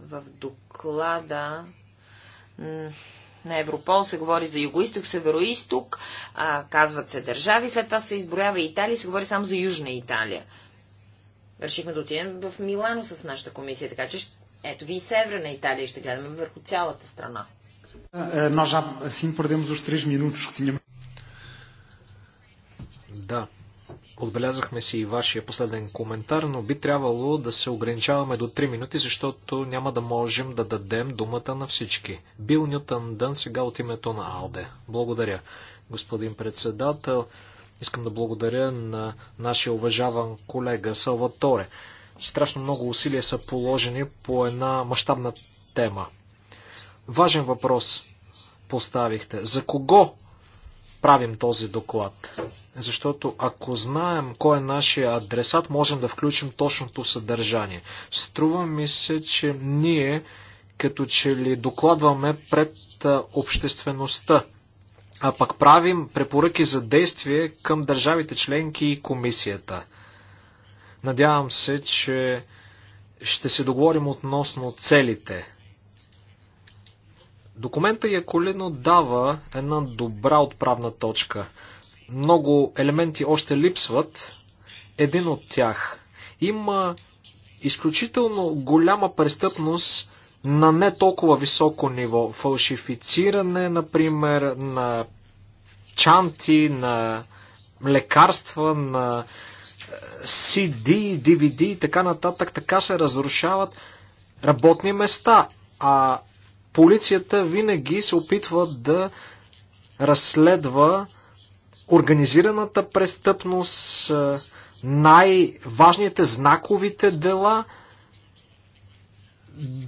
в доклада на Европол се говори за Юго-Исток, Северо-Исток, казват се държави, след това се изброява Италия се говори само за Южна Италия. Решихме да отидем в Милано с нашата комисия, така че ето ви и Северна Италия ще гледаме върху цялата страна. 3 е, е, Да. Отбелязахме си и вашия последен коментар, но би трябвало да се ограничаваме до 3 минути, защото няма да можем да дадем думата на всички. Бил Нютън Дън сега от името на Алде. Благодаря, господин председател. Искам да благодаря на нашия уважаван колега Салваторе. Страшно много усилия са положени по една мащабна тема. Важен въпрос поставихте. За кого правим този доклад. Защото ако знаем кой е нашия адресат, можем да включим точното съдържание. Струва ми се, че ние като че ли докладваме пред обществеността, а пък правим препоръки за действие към държавите членки и комисията. Надявам се, че ще се договорим относно целите Документа Яколино дава една добра отправна точка. Много елементи още липсват. Един от тях. Има изключително голяма престъпност на не толкова високо ниво. Фалшифициране, например, на чанти, на лекарства, на CD, е, DVD и така нататък. Така се разрушават работни места. А полицията винаги се опитва да разследва организираната престъпност, най-важните знаковите дела.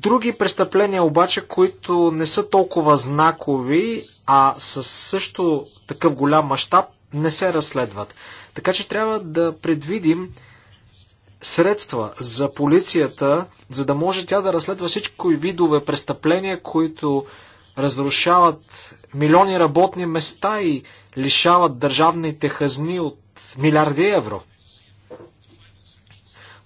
Други престъпления обаче, които не са толкова знакови, а със също такъв голям мащаб, не се разследват. Така че трябва да предвидим средства за полицията, за да може тя да разследва всичко и видове престъпления, които разрушават милиони работни места и лишават държавните хазни от милиарди евро.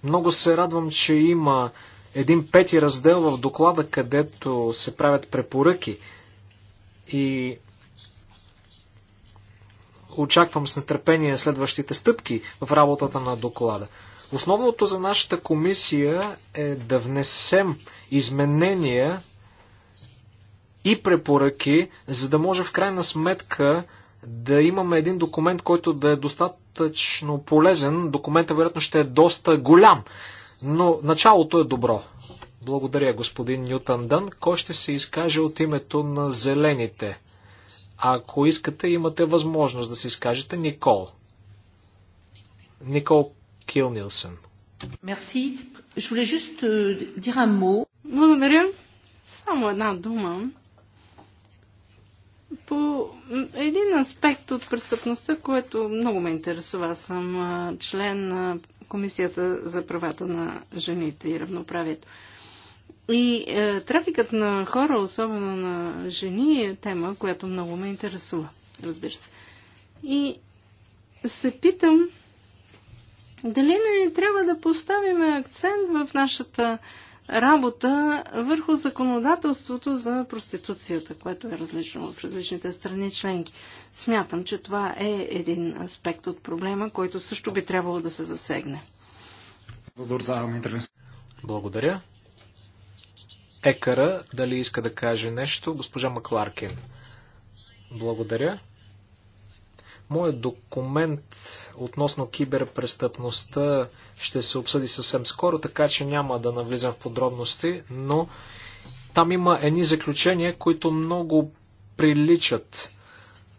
Много се радвам, че има един пети раздел в доклада, където се правят препоръки и очаквам с нетърпение следващите стъпки в работата на доклада. Основното за нашата комисия е да внесем изменения и препоръки, за да може в крайна сметка да имаме един документ, който да е достатъчно полезен. Документа вероятно ще е доста голям, но началото е добро. Благодаря, господин Нютан Дън. Кой ще се изкаже от името на зелените? Ако искате, имате възможност да се изкажете. Никол. Никол Кил Нилсън. Мерси. Je voulais juste euh, dire un mot. Благодаря. Само една дума. По един аспект от престъпността, който много ме интересува, Аз съм член на Комисията за правата на жените и равноправието. И е, трафикът на хора, особено на жени, е тема, която много ме интересува, разбира се. И се питам дали не трябва да поставим акцент в нашата работа върху законодателството за проституцията, което е различно в различните страни членки. Смятам, че това е един аспект от проблема, който също би трябвало да се засегне. Благодаря. Екара, дали иска да каже нещо? Госпожа Макларкин. Благодаря. Моят документ относно киберпрестъпността ще се обсъди съвсем скоро, така че няма да навлизам в подробности, но там има едни заключения, които много приличат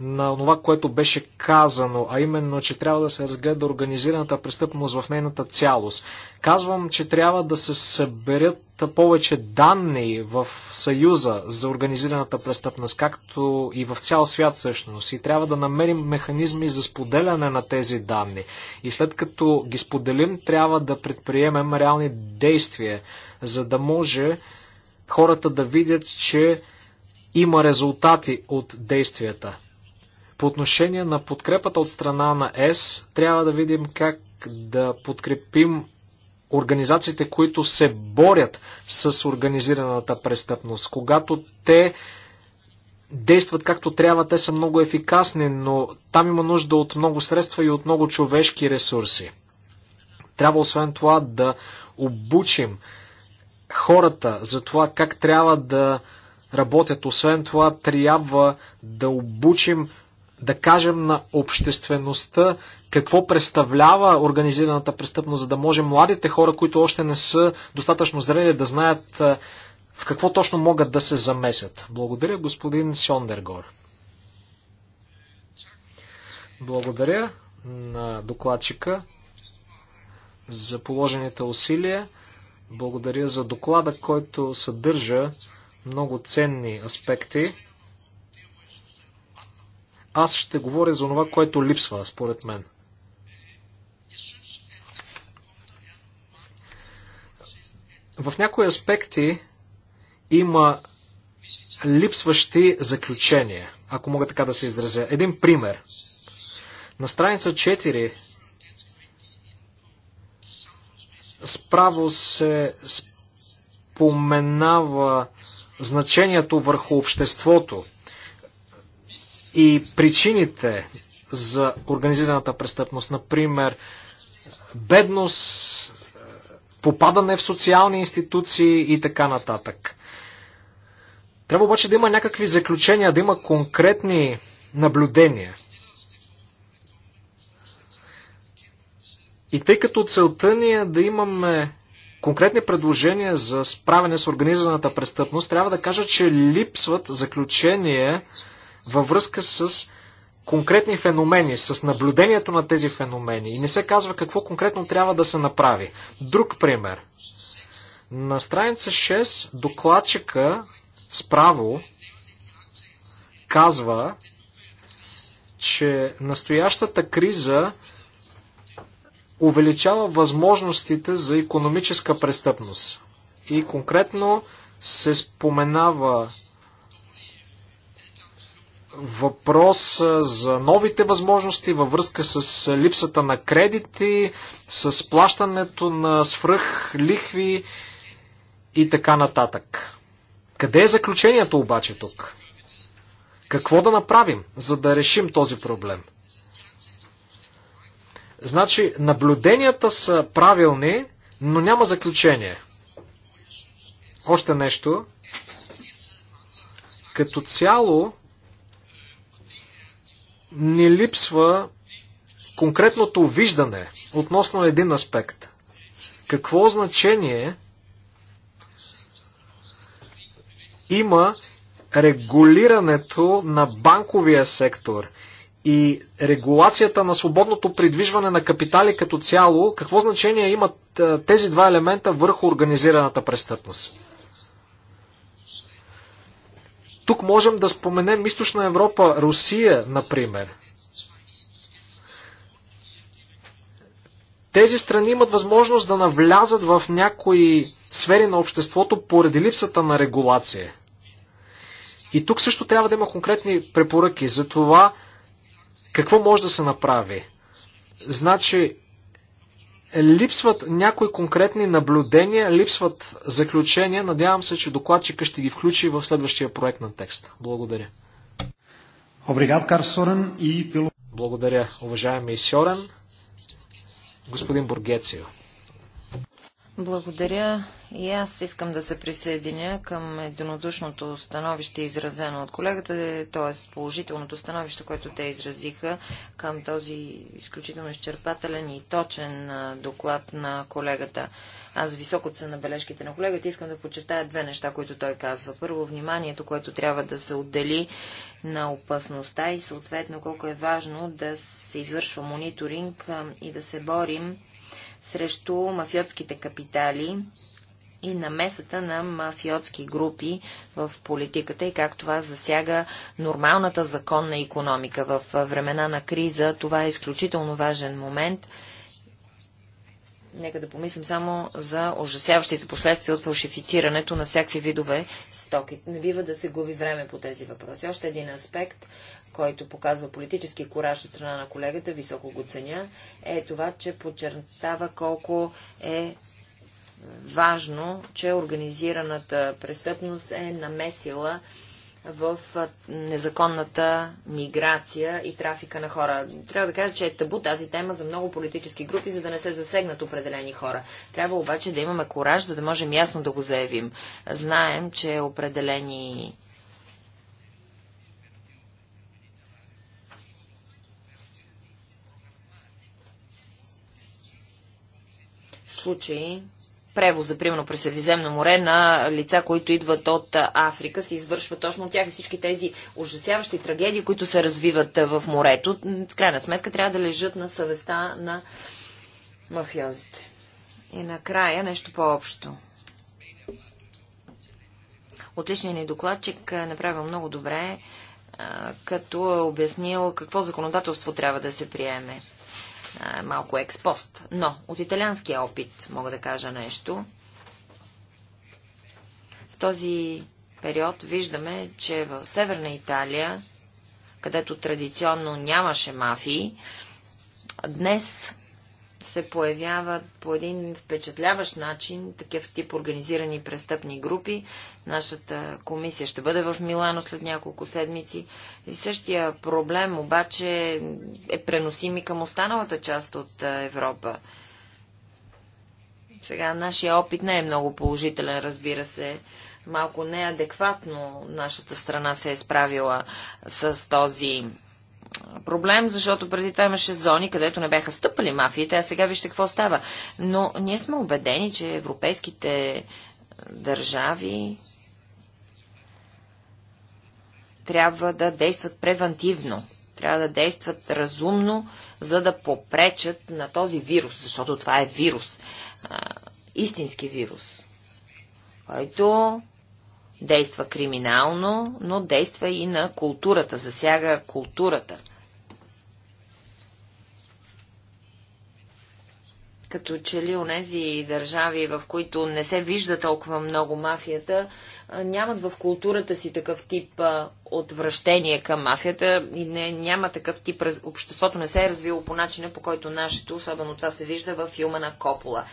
на това, което беше казано, а именно, че трябва да се разгледа организираната престъпност в нейната цялост. Казвам, че трябва да се съберат повече данни в Съюза за организираната престъпност, както и в цял свят всъщност. И трябва да намерим механизми за споделяне на тези данни. И след като ги споделим, трябва да предприемем реални действия, за да може хората да видят, че има резултати от действията. По отношение на подкрепата от страна на ЕС, трябва да видим как да подкрепим организациите, които се борят с организираната престъпност. Когато те действат както трябва, те са много ефикасни, но там има нужда от много средства и от много човешки ресурси. Трябва освен това да обучим хората за това как трябва да работят. Освен това трябва да обучим да кажем на обществеността какво представлява организираната престъпност, за да може младите хора, които още не са достатъчно зрели, да знаят в какво точно могат да се замесят. Благодаря, господин Сьондергор. Благодаря на докладчика за положените усилия. Благодаря за доклада, който съдържа много ценни аспекти. Аз ще говоря за това, което липсва, според мен. В някои аспекти има липсващи заключения, ако мога така да се изразя. Един пример. На страница 4 справо се споменава значението върху обществото и причините за организираната престъпност, например бедност, попадане в социални институции и така нататък. Трябва обаче да има някакви заключения, да има конкретни наблюдения. И тъй като целта ни е да имаме конкретни предложения за справяне с организираната престъпност, трябва да кажа, че липсват заключения във връзка с конкретни феномени, с наблюдението на тези феномени и не се казва какво конкретно трябва да се направи. Друг пример. На страница 6 докладчика справо казва, че настоящата криза увеличава възможностите за економическа престъпност. И конкретно се споменава въпрос за новите възможности във връзка с липсата на кредити, с плащането на свръх лихви и така нататък. Къде е заключението обаче тук? Какво да направим, за да решим този проблем? Значи, наблюденията са правилни, но няма заключение. Още нещо. Като цяло, ни липсва конкретното виждане относно един аспект. Какво значение има регулирането на банковия сектор и регулацията на свободното придвижване на капитали като цяло, какво значение имат тези два елемента върху организираната престъпност? Тук можем да споменем Източна Европа, Русия, например. Тези страни имат възможност да навлязат в някои сфери на обществото поради липсата на регулация. И тук също трябва да има конкретни препоръки за това какво може да се направи. Значи, липсват някои конкретни наблюдения, липсват заключения. Надявам се, че докладчика ще ги включи в следващия проект на текст. Благодаря. Обригад, Карсорен и Пило. Благодаря, уважаеми Сьорен. Господин Бургецио. Благодаря. И аз искам да се присъединя към единодушното становище, изразено от колегата, т.е. положителното становище, което те изразиха към този изключително изчерпателен и точен доклад на колегата. Аз високо са на бележките на колегата. Искам да подчертая две неща, които той казва. Първо, вниманието, което трябва да се отдели на опасността и съответно колко е важно да се извършва мониторинг и да се борим срещу мафиотските капитали и намесата на мафиотски групи в политиката и как това засяга нормалната законна економика. В времена на криза това е изключително важен момент. Нека да помислим само за ужасяващите последствия от фалшифицирането на всякакви видове стоки. Не бива да се губи време по тези въпроси. Още един аспект който показва политически кораж от страна на колегата, високо го ценя, е това, че подчертава колко е важно, че организираната престъпност е намесила в незаконната миграция и трафика на хора. Трябва да кажа, че е табу тази тема за много политически групи, за да не се засегнат определени хора. Трябва обаче да имаме кораж, за да можем ясно да го заявим. Знаем, че определени случаи превоза, примерно през Средиземно море, на лица, които идват от Африка, се извършва точно от тях и всички тези ужасяващи трагедии, които се развиват в морето, с крайна сметка трябва да лежат на съвестта на мафиозите. И накрая нещо по-общо. Отличният ни докладчик направил много добре, като е обяснил какво законодателство трябва да се приеме малко експост. Но от италианския опит мога да кажа нещо. В този период виждаме, че в Северна Италия, където традиционно нямаше мафии, днес се появяват по един впечатляващ начин такъв тип организирани престъпни групи. Нашата комисия ще бъде в Милано след няколко седмици. И същия проблем обаче е преносим и към останалата част от Европа. Сега нашия опит не е много положителен, разбира се. Малко неадекватно нашата страна се е справила с този проблем, защото преди това имаше зони, където не бяха стъпали мафиите, а сега вижте какво става. Но ние сме убедени, че европейските държави трябва да действат превентивно. Трябва да действат разумно, за да попречат на този вирус, защото това е вирус. истински вирус, който действа криминално, но действа и на културата, засяга културата. като че ли онези държави, в които не се вижда толкова много мафията, нямат в културата си такъв тип отвращение към мафията и не, няма такъв тип... Обществото не се е развило по начина, по който нашето, особено това се вижда в филма на Копола.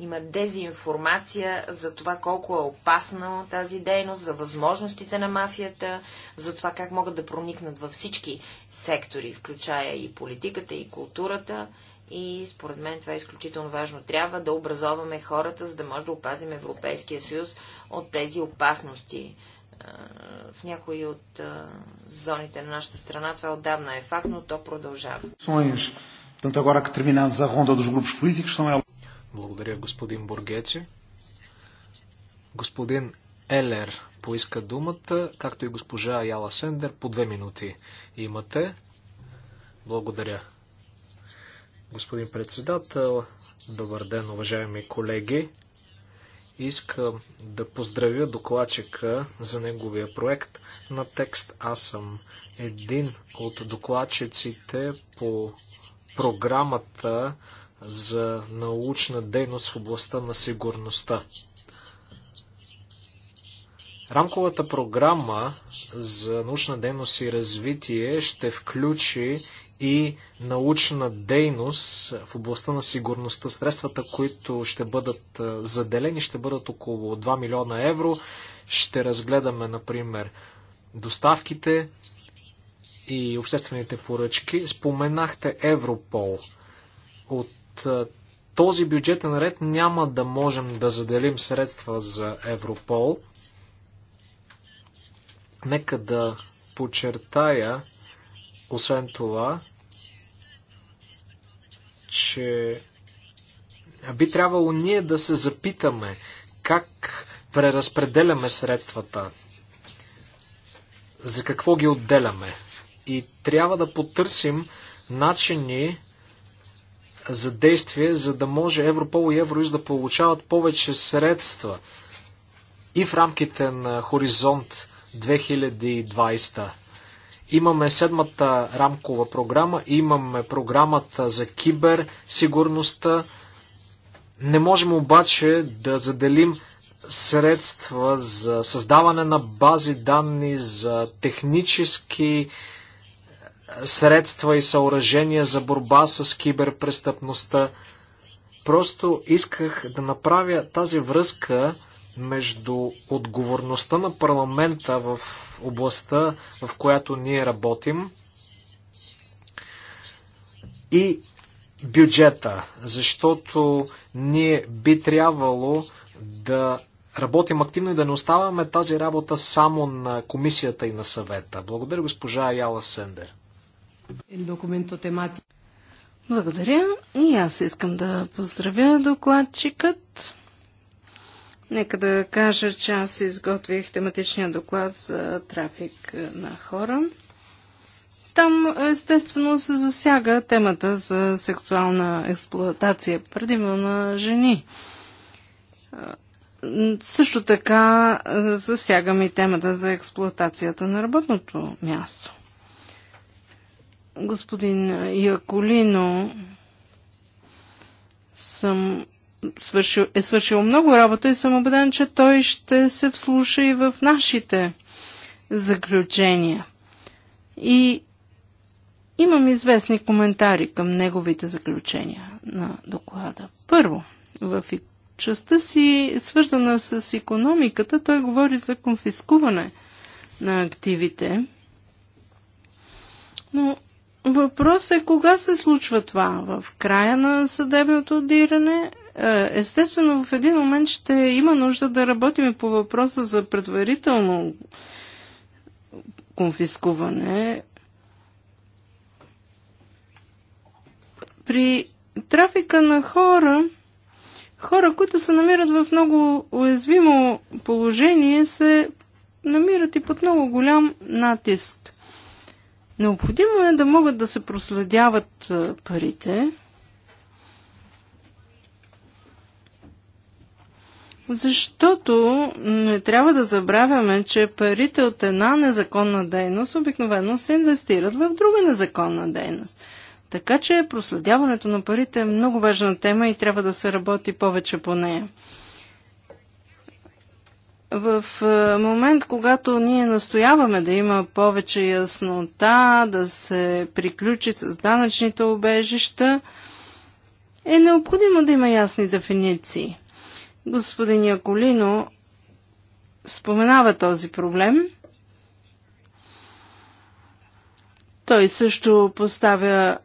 има дезинформация за това колко е опасна тази дейност, за възможностите на мафията, за това как могат да проникнат във всички сектори, включая и политиката, и културата. И според мен това е изключително важно. Трябва да образоваме хората, за да може да опазим Европейския съюз от тези опасности. В някои от зоните на нашата страна това отдавна е факт, но то продължава. agora que terminamos a ronda dos grupos políticos, são elas. Благодаря, господин Бургеци. Господин Елер поиска думата, както и госпожа Яла Сендер. По две минути имате. Благодаря. Господин председател, добър ден, уважаеми колеги. Искам да поздравя докладчика за неговия проект на текст. Аз съм един от докладчиците по програмата за научна дейност в областта на сигурността. Рамковата програма за научна дейност и развитие ще включи и научна дейност в областта на сигурността. Средствата, които ще бъдат заделени, ще бъдат около 2 милиона евро. Ще разгледаме, например, доставките и обществените поръчки. Споменахте Европол. От този бюджетен ред няма да можем да заделим средства за Европол. Нека да подчертая, освен това, че би трябвало ние да се запитаме как преразпределяме средствата, за какво ги отделяме. И трябва да потърсим начини за действие, за да може Европол и Евроюз да получават повече средства и в рамките на Хоризонт 2020. Имаме седмата рамкова програма, имаме програмата за киберсигурността. Не можем обаче да заделим средства за създаване на бази данни, за технически средства и съоръжения за борба с киберпрестъпността. Просто исках да направя тази връзка между отговорността на парламента в областта, в която ние работим, и бюджета, защото ние би трябвало да работим активно и да не оставаме тази работа само на комисията и на съвета. Благодаря госпожа Яла Сендер. Благодаря. И аз искам да поздравя докладчикът. Нека да кажа, че аз изготвих тематичния доклад за трафик на хора. Там естествено се засяга темата за сексуална експлоатация, предимно на жени. Също така засягам и темата за експлоатацията на работното място господин Яколино съм свършил, е свършил много работа и съм убеден, че той ще се вслуша и в нашите заключения. И имам известни коментари към неговите заключения на доклада. Първо, в частта си, свързана с економиката, той говори за конфискуване на активите. Но Въпрос е кога се случва това? В края на съдебното отдиране? Е, естествено, в един момент ще има нужда да работим по въпроса за предварително конфискуване. При трафика на хора, хора, които се намират в много уязвимо положение, се намират и под много голям натиск Необходимо е да могат да се проследяват парите, Защото не трябва да забравяме, че парите от една незаконна дейност обикновено се инвестират в друга незаконна дейност. Така че проследяването на парите е много важна тема и трябва да се работи повече по нея. В е, момент, когато ние настояваме да има повече яснота, да се приключи с данъчните обежища, е необходимо да има ясни дефиниции. Господин Яколино споменава този проблем. Той също поставя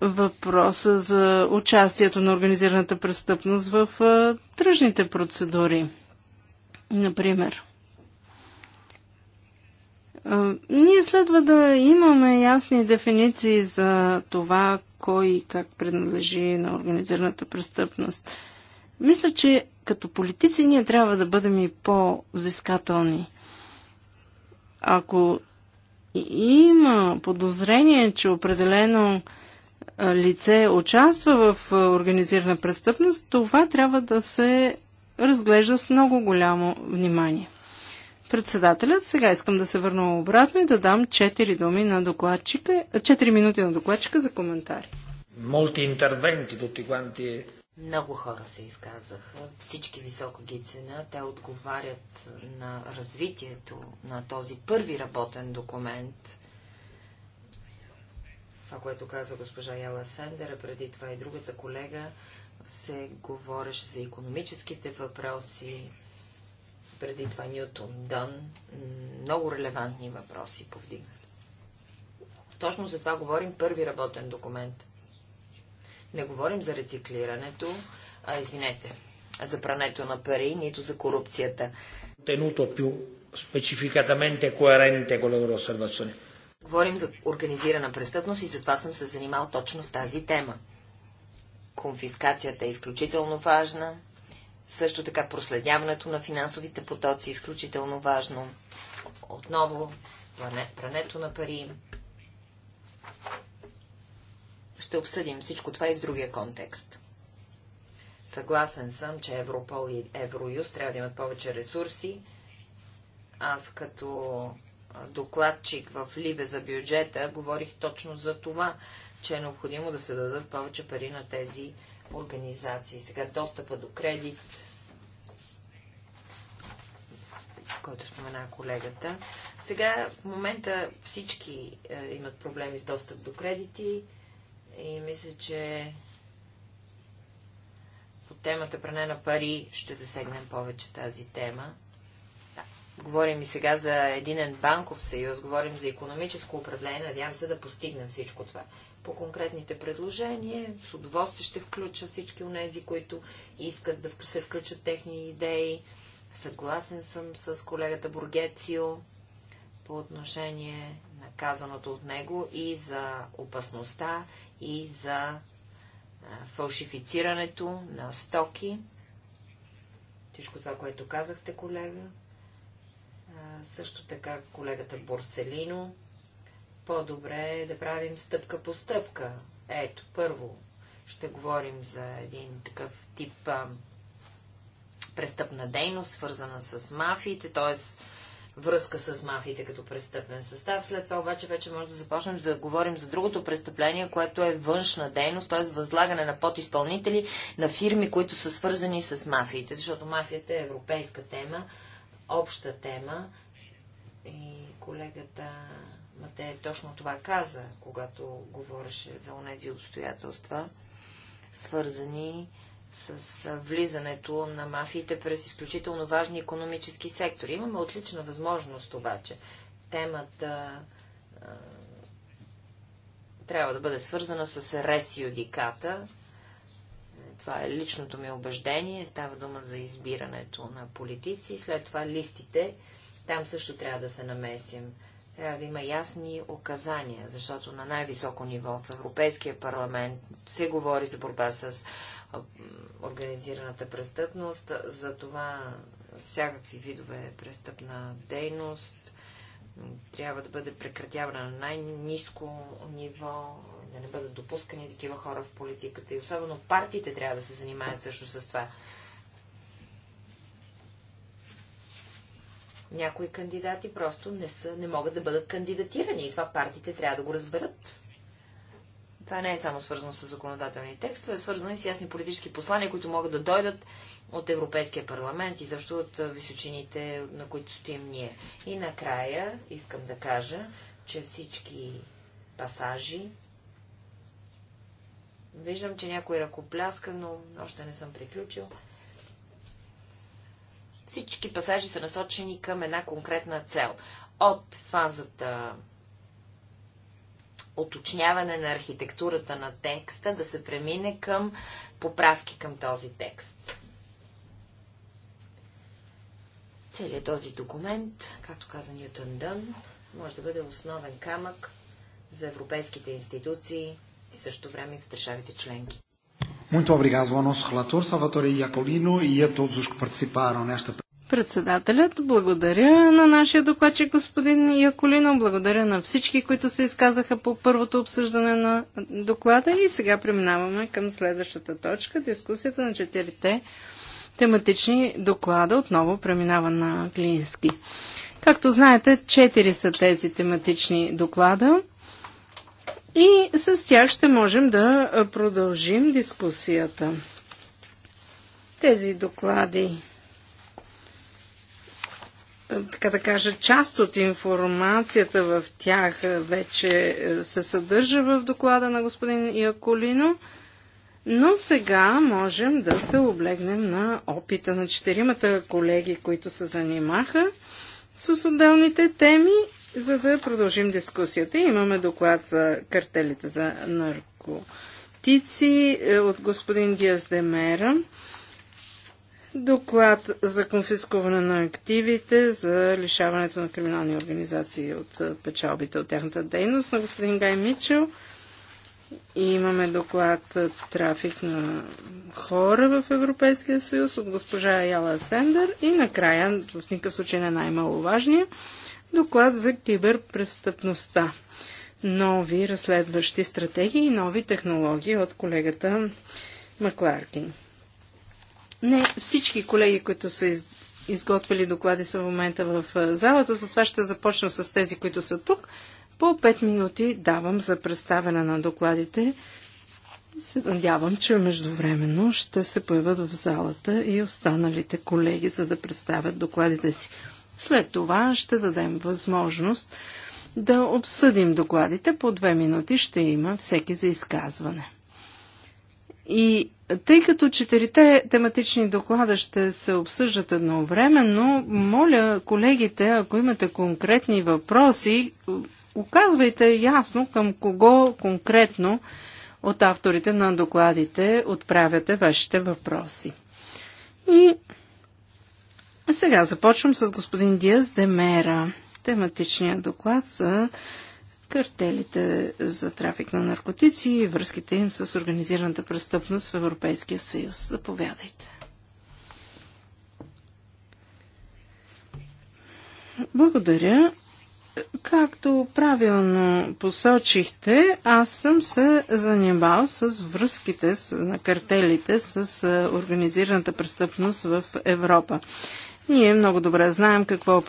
въпроса за участието на организираната престъпност в е, тръжните процедури например. Ние следва да имаме ясни дефиниции за това, кой и как принадлежи на организираната престъпност. Мисля, че като политици ние трябва да бъдем и по-взискателни. Ако има подозрение, че определено лице участва в организирана престъпност, това трябва да се разглежда с много голямо внимание. Председателят, сега искам да се върна обратно и да дам 4 думи на докладчика, 4 минути на докладчика за коментари. Молти интервенти, до Тигуанти. много хора се изказаха. Всички високо ги цена. Те отговарят на развитието на този първи работен документ. Това, което каза госпожа Яла Сендера, преди това и другата колега, се говореше за економическите въпроси, преди това Ньютон Дън, много релевантни въпроси повдигнат. Точно за това говорим първи работен документ. Не говорим за рециклирането, а извинете, за прането на пари, нито за корупцията. Тенуто più спецификатаменте coerente con le Говорим за организирана престъпност и затова съм се занимал точно с тази тема. Конфискацията е изключително важна. Също така проследяването на финансовите потоци е изключително важно. Отново прането на пари. Ще обсъдим всичко това и в другия контекст. Съгласен съм, че Европол и Евроюз трябва да имат повече ресурси. Аз като докладчик в Либе за бюджета говорих точно за това, че е необходимо да се дадат повече пари на тези организации. Сега достъпа до кредит, който спомена колегата. Сега в момента всички е, имат проблеми с достъп до кредити и мисля, че по темата пране на пари ще засегнем повече тази тема. Да. Говорим и сега за единен банков съюз, говорим за економическо управление. Надявам се да постигнем всичко това по конкретните предложения. С удоволствие ще включа всички от тези, които искат да се включат техни идеи. Съгласен съм с колегата Бургецио по отношение на казаното от него и за опасността, и за фалшифицирането на стоки. Всичко това, което казахте, колега. Също така колегата Борселино по-добре е да правим стъпка по стъпка. Ето, първо ще говорим за един такъв тип а, престъпна дейност, свързана с мафиите, т.е. връзка с мафиите като престъпен състав. След това обаче вече може да започнем да говорим за другото престъпление, което е външна дейност, т.е. възлагане на подизпълнители на фирми, които са свързани с мафиите, защото мафията е европейска тема, обща тема и колегата Мате точно това каза, когато говореше за онези обстоятелства, свързани с влизането на мафиите през изключително важни економически сектори. Имаме отлична възможност обаче. Темата а, трябва да бъде свързана с ресиодиката. Това е личното ми убеждение. Става дума за избирането на политици. След това листите. Там също трябва да се намесим. Трябва да има ясни указания, защото на най-високо ниво в Европейския парламент се говори за борба с организираната престъпност, за това всякакви видове престъпна дейност трябва да бъде прекратявана на най-низко ниво, да не бъдат допускани такива хора в политиката и особено партиите трябва да се занимаят също с това. Някои кандидати просто не, са, не могат да бъдат кандидатирани и това партиите трябва да го разберат. Това не е само свързано с законодателни текстове, е свързано и с ясни политически послания, които могат да дойдат от Европейския парламент и също от височините, на които стоим ние. И накрая искам да кажа, че всички пасажи. Виждам, че някой ръкопляска, но още не съм приключил. Всички пасажи са насочени към една конкретна цел. От фазата уточняване на архитектурата на текста да се премине към поправки към този текст. Целият този документ, както каза Ньютон Дън, може да бъде основен камък за европейските институции и също време и за държавите членки. Muito obrigado ao nosso relator, Salvatore Iacolino, e a todos os que participaram nesta Председателят, благодаря на нашия докладчик господин Яколино, благодаря на всички, които се изказаха по първото обсъждане на доклада и сега преминаваме към следващата точка, дискусията на четирите тематични доклада, отново преминава на Клински. Както знаете, четири са тези тематични доклада. И с тях ще можем да продължим дискусията. Тези доклади, така да кажа, част от информацията в тях вече се съдържа в доклада на господин Яколино. Но сега можем да се облегнем на опита на четиримата колеги, които се занимаха с отделните теми за да продължим дискусията. Имаме доклад за картелите за наркотици е, от господин Диас Демера. Доклад за конфискуване на активите, за лишаването на криминални организации от е, печалбите от тяхната дейност на господин Гай Мичел. И имаме доклад е, трафик на хора в Европейския съюз от госпожа Яла Сендер. И накрая, в никакъв случай не най-маловажния, важния Доклад за киберпрестъпността. Нови разследващи стратегии и нови технологии от колегата Макларкин. Не всички колеги, които са изготвили доклади са в момента в залата, затова ще започна с тези, които са тук. По 5 минути давам за представяне на докладите. Се надявам, че междувременно ще се появят в залата и останалите колеги, за да представят докладите си. След това ще дадем възможност да обсъдим докладите. По две минути ще има всеки за изказване. И тъй като четирите тематични доклада ще се обсъждат едновременно, моля колегите, ако имате конкретни въпроси, оказвайте ясно към кого конкретно от авторите на докладите отправяте вашите въпроси. И а сега започвам с господин Диас Демера. Тематичният доклад за картелите за трафик на наркотици и връзките им с организираната престъпност в Европейския съюз. Заповядайте. Благодаря. Както правилно посочихте, аз съм се занимавал с връзките на картелите с организираната престъпност в Европа. Ние много добре знаем какво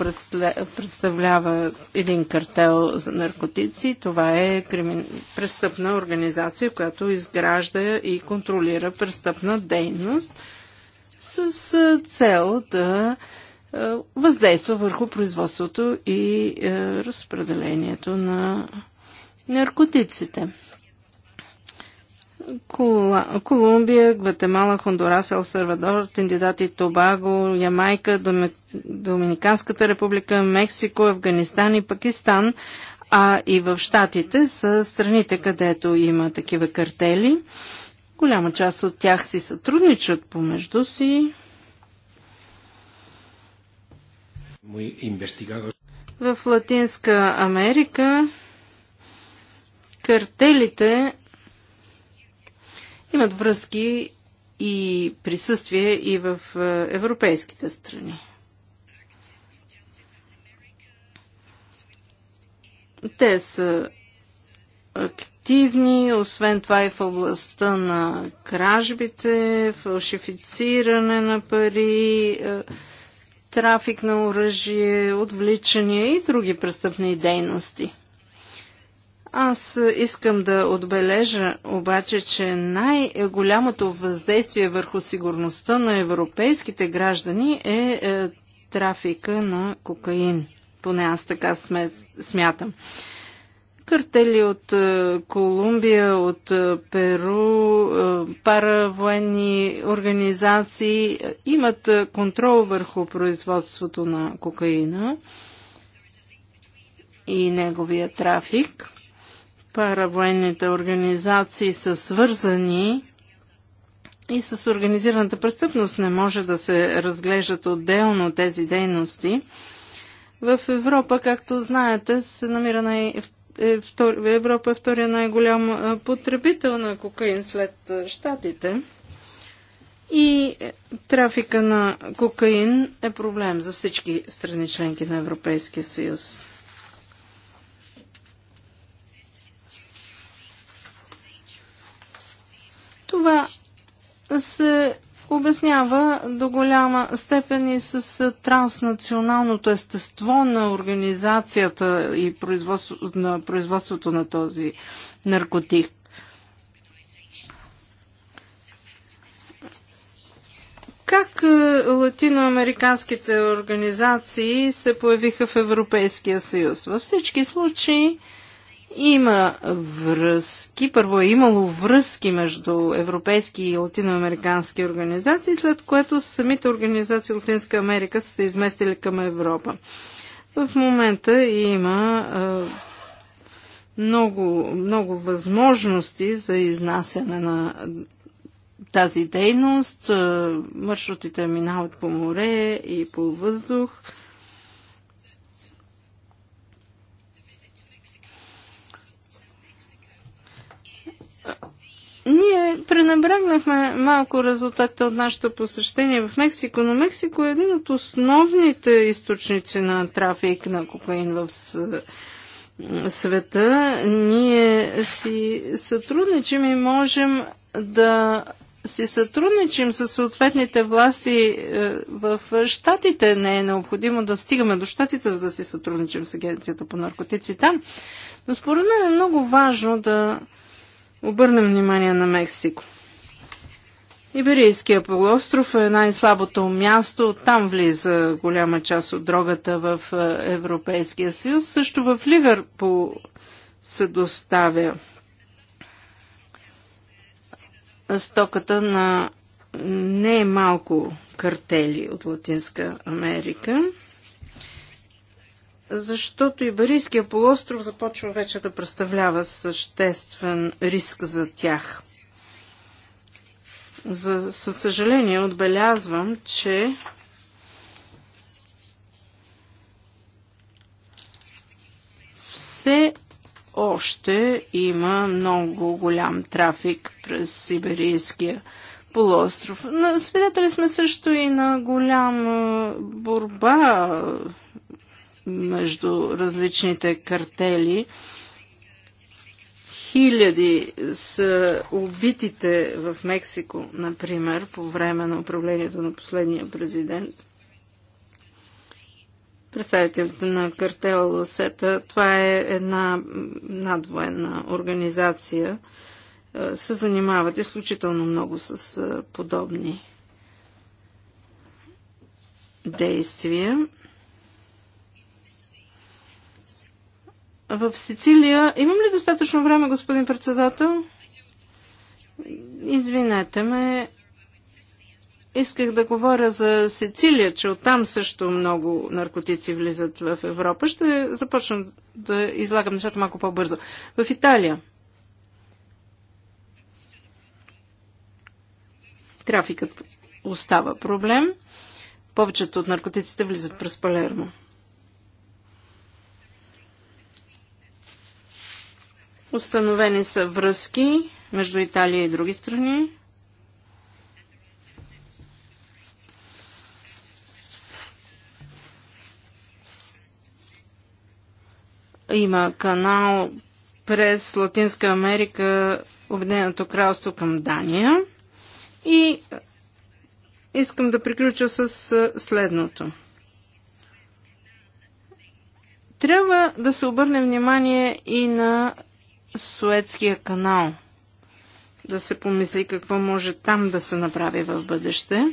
представлява един картел за наркотици. Това е кримин... престъпна организация, която изгражда и контролира престъпна дейност с цел да въздейства върху производството и разпределението на наркотиците. Колумбия, Гватемала, Хондурас, Ел Сарвадор, Тиндидат и Тобаго, Ямайка, Доминиканската република, Мексико, Афганистан и Пакистан, а и в Штатите са страните, където има такива картели. Голяма част от тях си сътрудничат помежду си. В Латинска Америка картелите имат връзки и присъствие и в е, европейските страни. Те са активни, освен това и в областта на кражбите, фалшифициране на пари, е, трафик на оръжие, отвличания и други престъпни дейности. Аз искам да отбележа обаче, че най-голямото въздействие върху сигурността на европейските граждани е, е трафика на кокаин. Поне аз така смятам. Картели от е, Колумбия, от е, Перу, паравоенни организации имат контрол върху производството на кокаина и неговия трафик паравоенните организации са свързани и с организираната престъпност не може да се разглеждат отделно тези дейности. В Европа, както знаете, се намира най- е Европа е втория най-голям потребител на кокаин след Штатите. И е, трафика на кокаин е проблем за всички страни членки на Европейския съюз. Това се обяснява до голяма степен и с транснационалното естество на организацията и производство, на производството на този наркотик. Как е, латиноамериканските организации се появиха в Европейския съюз? Във всички случаи има връзки, първо е имало връзки между европейски и латиноамерикански организации, след което самите организации Латинска Америка са се изместили към Европа. В момента има много, много възможности за изнасяне на тази дейност. Маршрутите минават по море и по въздух. Ние пренебрегнахме малко резултатите от нашето посещение в Мексико, но Мексико е един от основните източници на трафик на кокаин в света. Ние си сътрудничим и можем да си сътрудничим с съответните власти е, в Штатите. Не е необходимо да стигаме до Штатите, за да си сътрудничим с Агенцията по наркотици там. Но според мен е много важно да обърнем внимание на Мексико. Иберийския полуостров е най-слабото място. Там влиза голяма част от дрогата в е, Европейския съюз. Също в Ливерпул се доставя стоката на не малко картели от Латинска Америка защото Иберийския полуостров започва вече да представлява съществен риск за тях. За, със съжаление отбелязвам, че все още има много голям трафик през Сибирийския полуостров. Свидетели сме също и на голяма борба между различните картели. Хиляди са убитите в Мексико, например, по време на управлението на последния президент. Представителите на картела Лосета, това е една надвоенна организация, се занимават изключително много с подобни действия. в Сицилия. Имам ли достатъчно време, господин председател? Извинете ме. Исках да говоря за Сицилия, че оттам също много наркотици влизат в Европа. Ще започна да излагам нещата малко по-бързо. В Италия. Трафикът остава проблем. Повечето от наркотиците влизат през Палермо. Установени са връзки между Италия и други страни. Има канал през Латинска Америка, Обединеното кралство към Дания. И искам да приключа с следното. Трябва да се обърне внимание и на Суетския канал. Да се помисли какво може там да се направи в бъдеще.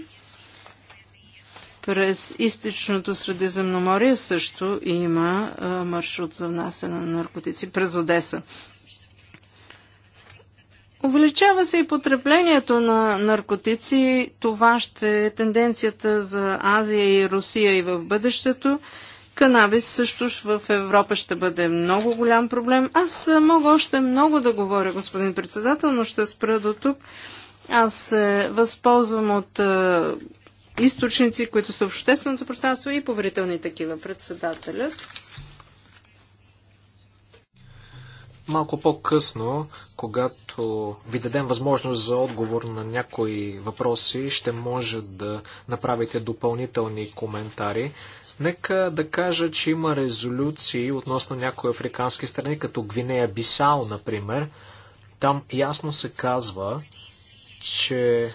През източното Средиземноморие също има маршрут за внасяне на наркотици през Одеса. Увеличава се и потреблението на наркотици. Това ще е тенденцията за Азия и Русия и в бъдещето. Канабис също в Европа ще бъде много голям проблем. Аз мога още много да говоря, господин председател, но ще спра до тук. Аз се възползвам от е, източници, които са в общественото пространство и поверителни такива. Председателят. Малко по-късно, когато ви дадем възможност за отговор на някои въпроси, ще може да направите допълнителни коментари. Нека да кажа, че има резолюции относно някои африкански страни, като Гвинея Бисал, например. Там ясно се казва, че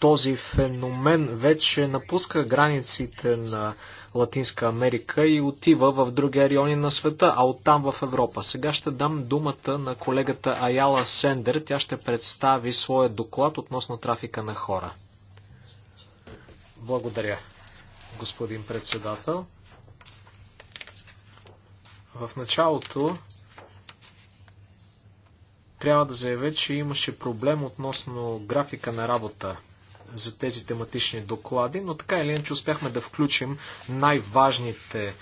този феномен вече напуска границите на Латинска Америка и отива в други райони на света, а оттам в Европа. Сега ще дам думата на колегата Аяла Сендер. Тя ще представи своя доклад относно трафика на хора. Благодаря, господин председател. В началото трябва да заявя, че имаше проблем относно графика на работа за тези тематични доклади, но така или иначе успяхме да включим най-важните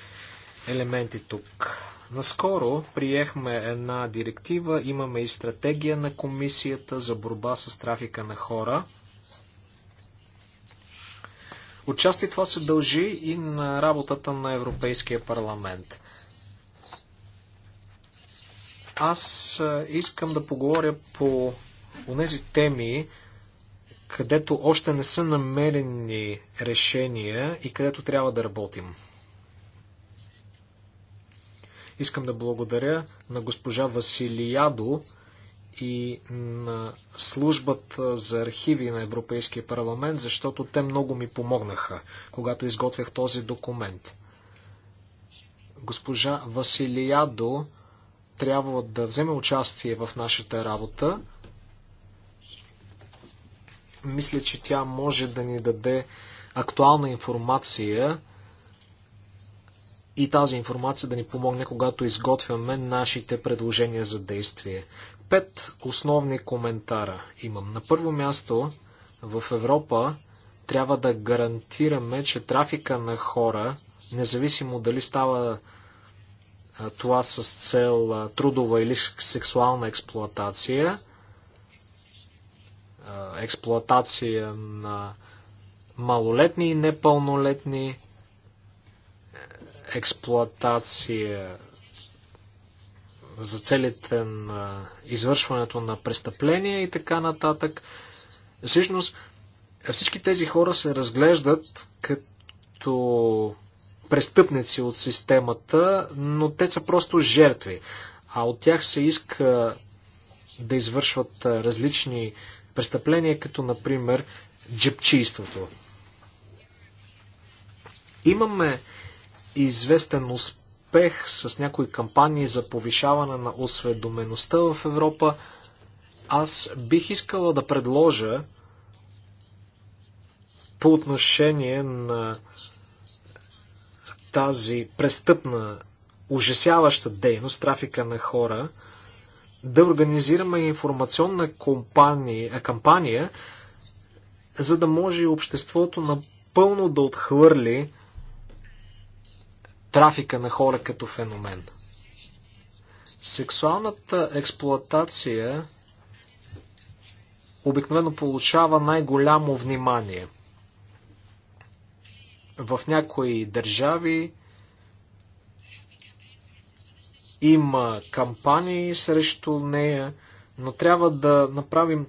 елементи тук. Наскоро приехме една директива, имаме и стратегия на комисията за борба с трафика на хора – Отчасти това се дължи и на работата на Европейския парламент. Аз искам да поговоря по тези теми, където още не са намерени решения и където трябва да работим. Искам да благодаря на госпожа Василиядо и на службата за архиви на Европейския парламент, защото те много ми помогнаха, когато изготвях този документ. Госпожа Василиадо трябва да вземе участие в нашата работа. Мисля, че тя може да ни даде актуална информация и тази информация да ни помогне, когато изготвяме нашите предложения за действие. Пет основни коментара имам. На първо място, в Европа трябва да гарантираме, че трафика на хора, независимо дали става това с цел трудова или сексуална експлоатация, експлоатация на малолетни и непълнолетни, е, експлоатация за целите на извършването на престъпления и така нататък. Всъщност, всички тези хора се разглеждат като престъпници от системата, но те са просто жертви. А от тях се иска да извършват различни престъпления, като например джепчийството. Имаме известен успех успех с някои кампании за повишаване на осведомеността в Европа. Аз бих искала да предложа по отношение на тази престъпна, ужасяваща дейност, трафика на хора, да организираме информационна компания, кампания, за да може обществото напълно да отхвърли трафика на хора като феномен. Сексуалната експлоатация обикновено получава най-голямо внимание. В някои държави има кампании срещу нея, но трябва да направим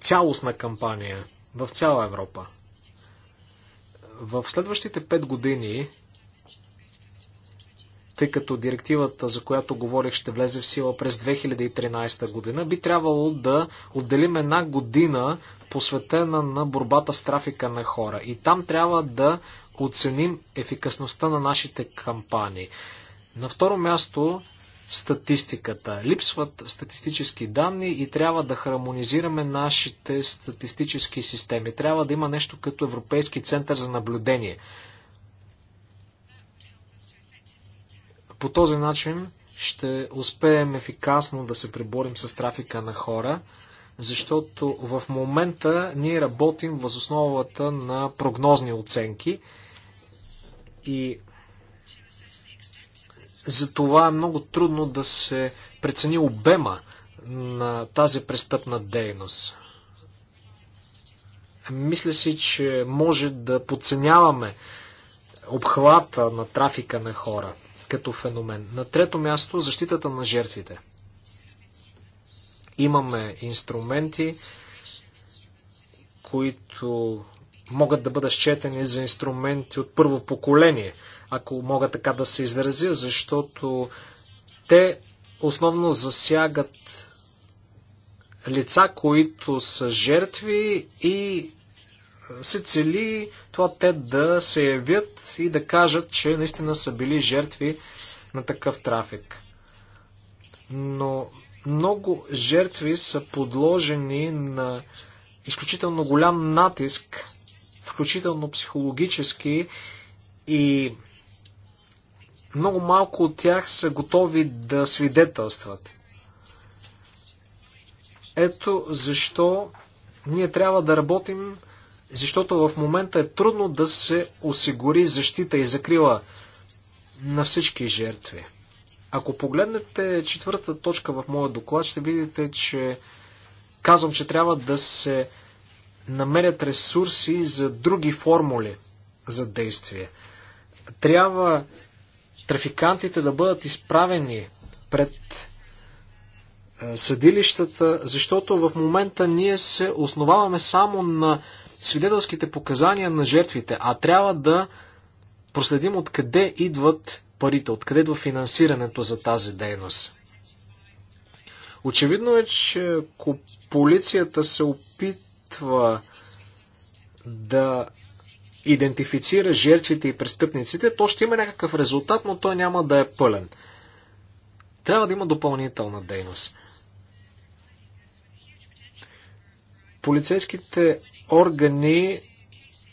цялостна кампания в цяла Европа. В следващите 5 години тъй като директивата, за която говорих, ще влезе в сила през 2013 година, би трябвало да отделим една година посветена на борбата с трафика на хора. И там трябва да оценим ефикасността на нашите кампании. На второ място статистиката. Липсват статистически данни и трябва да хармонизираме нашите статистически системи. Трябва да има нещо като Европейски център за наблюдение По този начин ще успеем ефикасно да се преборим с трафика на хора, защото в момента ние работим въз основата на прогнозни оценки и за това е много трудно да се прецени обема на тази престъпна дейност. Мисля си, че може да подценяваме обхвата на трафика на хора – като феномен. На трето място защитата на жертвите. Имаме инструменти, които могат да бъдат счетени за инструменти от първо поколение, ако мога така да се изразя, защото те основно засягат лица, които са жертви и се цели това те да се явят и да кажат, че наистина са били жертви на такъв трафик. Но много жертви са подложени на изключително голям натиск, включително психологически и много малко от тях са готови да свидетелстват. Ето защо ние трябва да работим защото в момента е трудно да се осигури защита и закрила на всички жертви. Ако погледнете четвъртата точка в моя доклад, ще видите, че казвам, че трябва да се намерят ресурси за други формули за действие. Трябва трафикантите да бъдат изправени пред е, съдилищата, защото в момента ние се основаваме само на свидетелските показания на жертвите, а трябва да проследим откъде идват парите, откъде идва финансирането за тази дейност. Очевидно е, че ако полицията се опитва да идентифицира жертвите и престъпниците, то ще има някакъв резултат, но той няма да е пълен. Трябва да има допълнителна дейност. Полицейските органи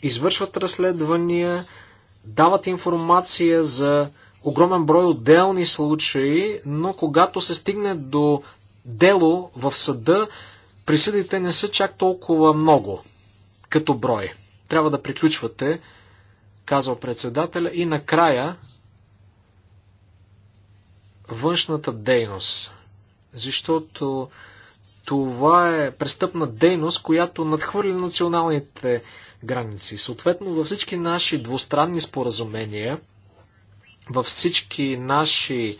извършват разследвания, дават информация за огромен брой отделни случаи, но когато се стигне до дело в съда, присъдите не са чак толкова много като брой. Трябва да приключвате, казва председателя. И накрая външната дейност. Защото това е престъпна дейност, която надхвърля националните граници. Съответно, във всички наши двустранни споразумения, във всички наши е,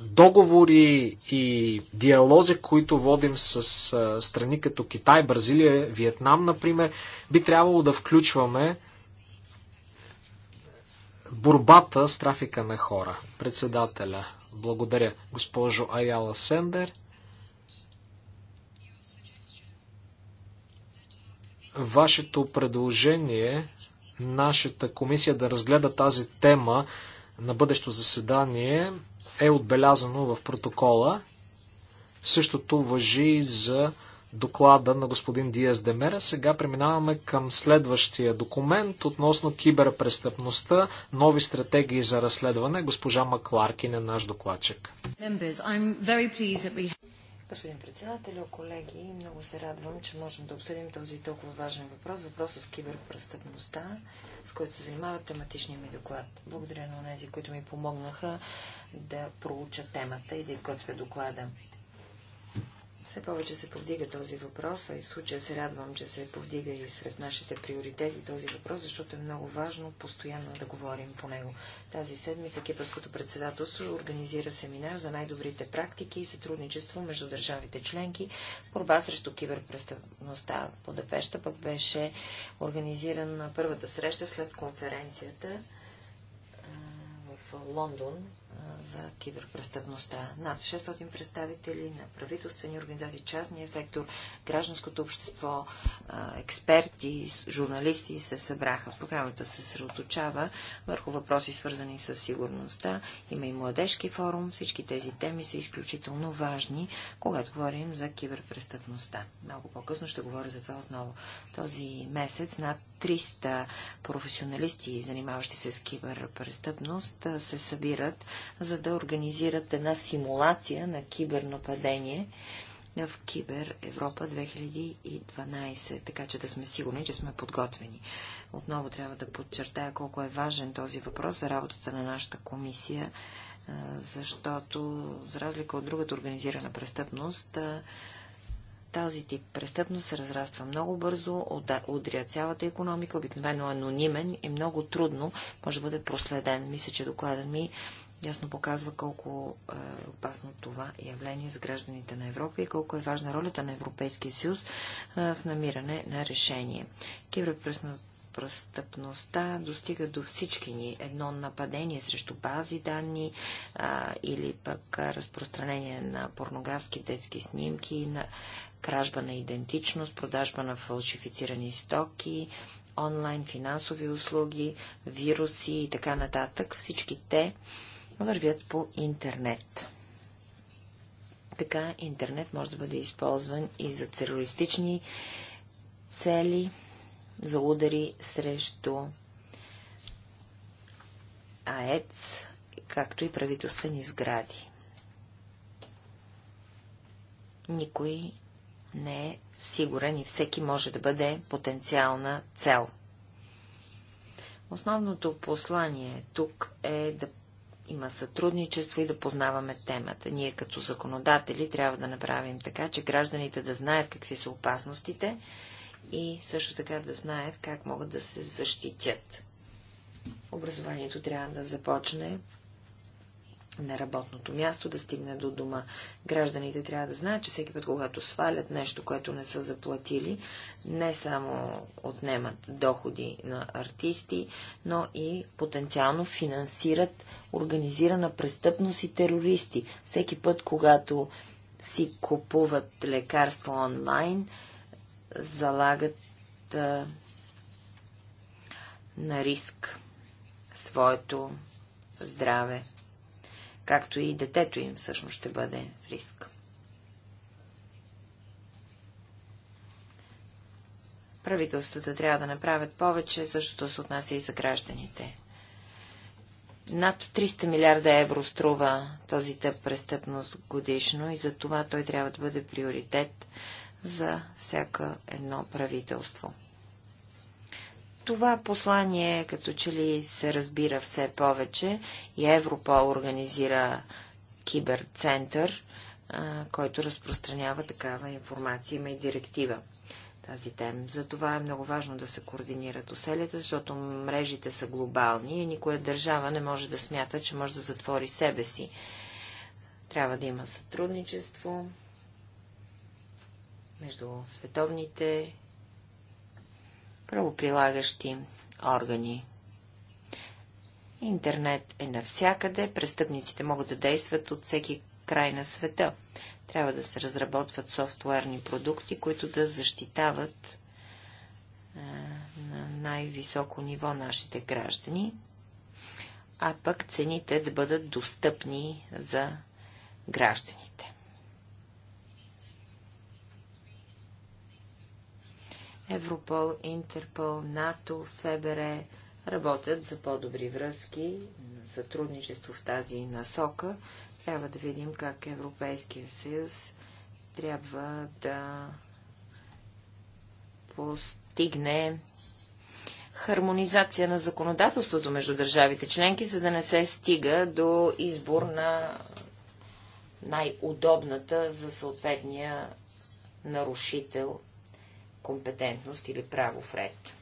договори и диалози, които водим с е, страни като Китай, Бразилия, Виетнам, например, би трябвало да включваме борбата с трафика на хора. Председателя, благодаря. Госпожо Аяла Сендер. вашето предложение нашата комисия да разгледа тази тема на бъдещо заседание е отбелязано в протокола. Същото въжи и за доклада на господин Диас Демера. Сега преминаваме към следващия документ относно киберпрестъпността, нови стратегии за разследване. Госпожа Макларкин е наш докладчик. Господин председател, колеги, много се радвам, че можем да обсъдим този толкова важен въпрос, Въпрос с киберпрестъпността, с който се занимава тематичния ми доклад. Благодаря на тези, които ми помогнаха да проуча темата и да изготвя доклада. Все повече се повдига този въпрос, а и в случая се радвам, че се повдига и сред нашите приоритети този въпрос, защото е много важно постоянно да говорим по него. Тази седмица Кипърското председателство организира семинар за най-добрите практики и сътрудничество между държавите членки, борба срещу киберпрестъпността по Депеща пък беше организирана първата среща след конференцията в Лондон за киберпрестъпността. Над 600 представители на правителствени организации, частния сектор, гражданското общество, експерти, журналисти се събраха. Програмата се съсредоточава върху въпроси, свързани с сигурността. Има и младежки форум. Всички тези теми са изключително важни, когато говорим за киберпрестъпността. Много по-късно ще говоря за това отново. Този месец над 300 професионалисти, занимаващи се с киберпрестъпност, се събират за да организират една симулация на кибернападение в Кибер Европа 2012, така че да сме сигурни, че сме подготвени. Отново трябва да подчертая колко е важен този въпрос за работата на нашата комисия, защото, за разлика от другата организирана престъпност, този тип престъпност се разраства много бързо, удря цялата економика, обикновено анонимен и много трудно може да бъде проследен. Мисля, че докладът ми ясно показва колко е опасно това явление за гражданите на Европа и колко е важна ролята на Европейския съюз е, в намиране на решение. Киберпрестъпността достига до всички ни. Едно нападение срещу бази данни а, е, или пък разпространение на порнографски детски снимки, на кражба на идентичност, продажба на фалшифицирани стоки, онлайн финансови услуги, вируси и така нататък. Всички те вървят по интернет. Така интернет може да бъде използван и за терористични цели, за удари срещу АЕЦ, както и правителствени сгради. Никой не е сигурен и всеки може да бъде потенциална цел. Основното послание тук е да има сътрудничество и да познаваме темата. Ние като законодатели трябва да направим така, че гражданите да знаят какви са опасностите и също така да знаят как могат да се защитят. Образованието трябва да започне на работното място, да стигне до дома. Гражданите трябва да знаят, че всеки път, когато свалят нещо, което не са заплатили, не само отнемат доходи на артисти, но и потенциално финансират организирана престъпност и терористи. Всеки път, когато си купуват лекарства онлайн, залагат а, на риск своето здраве, както и детето им всъщност ще бъде в риск. Правителствата трябва да направят повече, същото се отнася и за гражданите. Над 300 милиарда евро струва този тъп престъпност годишно и за това той трябва да бъде приоритет за всяка едно правителство. Това послание като че ли се разбира все повече и Европол организира киберцентър, който разпространява такава информация, има и директива тази тема. Затова е много важно да се координират усилията, защото мрежите са глобални и никоя държава не може да смята, че може да затвори себе си. Трябва да има сътрудничество между световните правоприлагащи органи. Интернет е навсякъде, престъпниците могат да действат от всеки край на света. Трябва да се разработват софтуерни продукти, които да защитават е, на най-високо ниво нашите граждани, а пък цените да бъдат достъпни за гражданите. Европол, Интерпол, НАТО, ФБР работят за по-добри връзки, сътрудничество в тази насока, трябва да видим как Европейския съюз трябва да постигне хармонизация на законодателството между държавите членки, за да не се стига до избор на най-удобната за съответния нарушител компетентност или правов ред.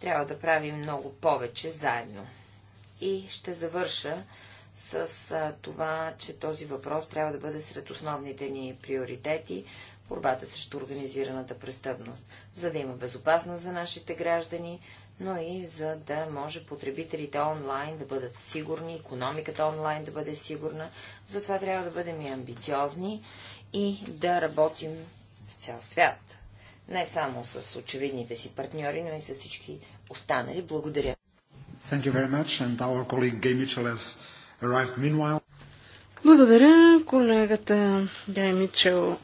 Трябва да правим много повече заедно. И ще завърша с това, че този въпрос трябва да бъде сред основните ни приоритети борбата срещу организираната престъпност, за да има безопасност за нашите граждани, но и за да може потребителите онлайн да бъдат сигурни, економиката онлайн да бъде сигурна. Затова трябва да бъдем и амбициозни и да работим с цял свят. Не само с очевидните си партньори, но и с всички останали. Благодаря. Thank you very much. And our colleague Gay Mitchell has arrived meanwhile. Благодаря. Колегата Гай Мичел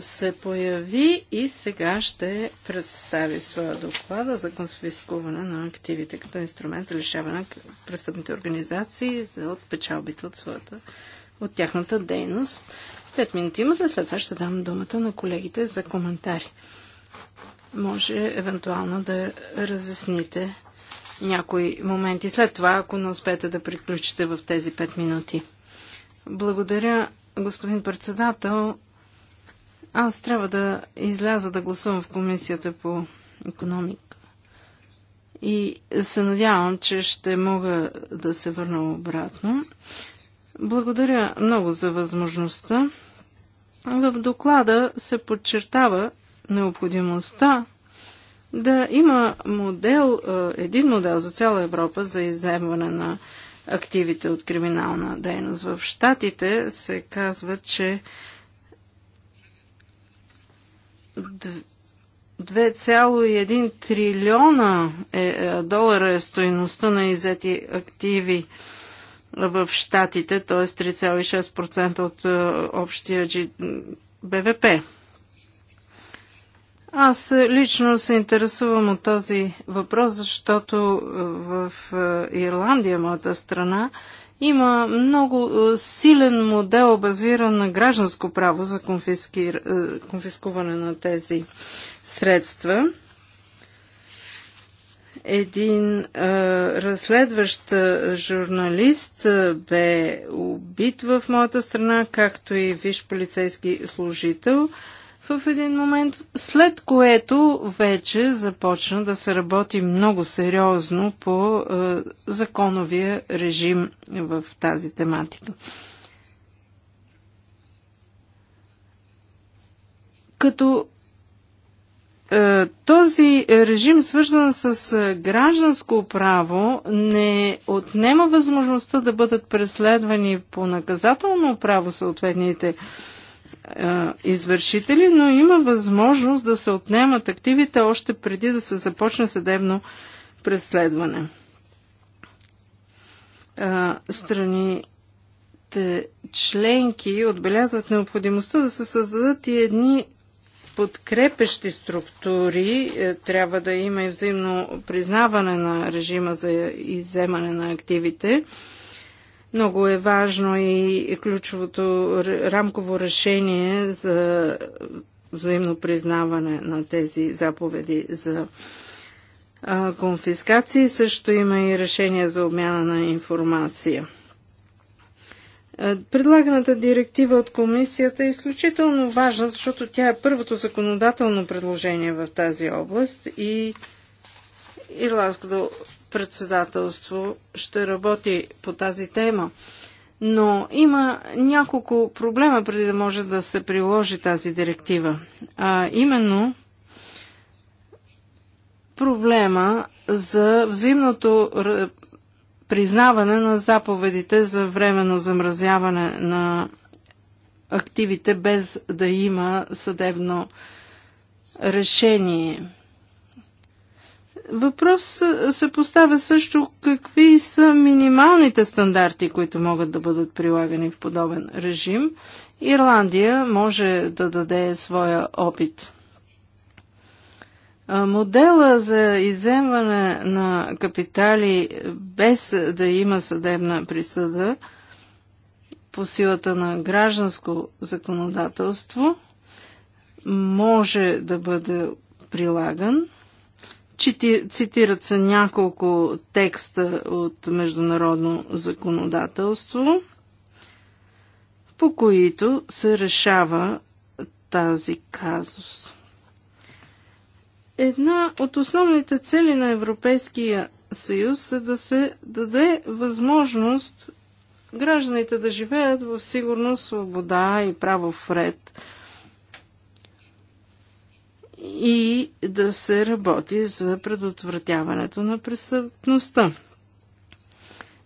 се появи и сега ще представи своя доклада за консфискуване на активите като инструмент за лишаване на престъпните организации от печалбите от, своята, от тяхната дейност. Пет минути имате, след това ще дам думата на колегите за коментари. Може евентуално да разясните някои моменти след това, ако не успеете да приключите в тези 5 минути. Благодаря, господин председател. Аз трябва да изляза да гласувам в комисията по економика. И се надявам, че ще мога да се върна обратно. Благодаря много за възможността. В доклада се подчертава необходимостта да има модел, е, един модел за цяла Европа за иземване на активите от криминална дейност. В Штатите се казва, че 2,1 трилиона е, е, долара е стоеността на изети активи в Штатите, т.е. 3,6% от е, общия БВП. Аз лично се интересувам от този въпрос, защото е, в е, Ирландия, моята страна, има много е, силен модел, базиран на гражданско право за конфискуване на тези средства. Един е, разследващ журналист бе убит в моята страна, както и виш полицейски служител – в един момент, след което вече започна да се работи много сериозно по е, законовия режим в тази тематика. Като е, този режим, свързан с е, гражданско право, не отнема възможността да бъдат преследвани по наказателно право съответните е, извършители, но има възможност да се отнемат активите още преди да се започне съдебно преследване. Страните членки отбелязват необходимостта да се създадат и едни подкрепещи структури. Е, трябва да има и взаимно признаване на режима за изземане на активите. Много е важно и ключовото рамково решение за взаимно признаване на тези заповеди за конфискации. Също има и решение за обмяна на информация. Предлаганата директива от комисията е изключително важна, защото тя е първото законодателно предложение в тази област и Ирландското председателство ще работи по тази тема. Но има няколко проблема преди да може да се приложи тази директива. А именно проблема за взаимното признаване на заповедите за временно замразяване на активите без да има съдебно решение. Въпрос се поставя също какви са минималните стандарти, които могат да бъдат прилагани в подобен режим. Ирландия може да даде своя опит. Модела за иземване на капитали без да има съдебна присъда по силата на гражданско законодателство може да бъде прилаган Цитират се няколко текста от международно законодателство, по които се решава тази казус. Една от основните цели на Европейския съюз е да се даде възможност гражданите да живеят в сигурност, свобода и право в ред – и да се работи за предотвратяването на престъпността.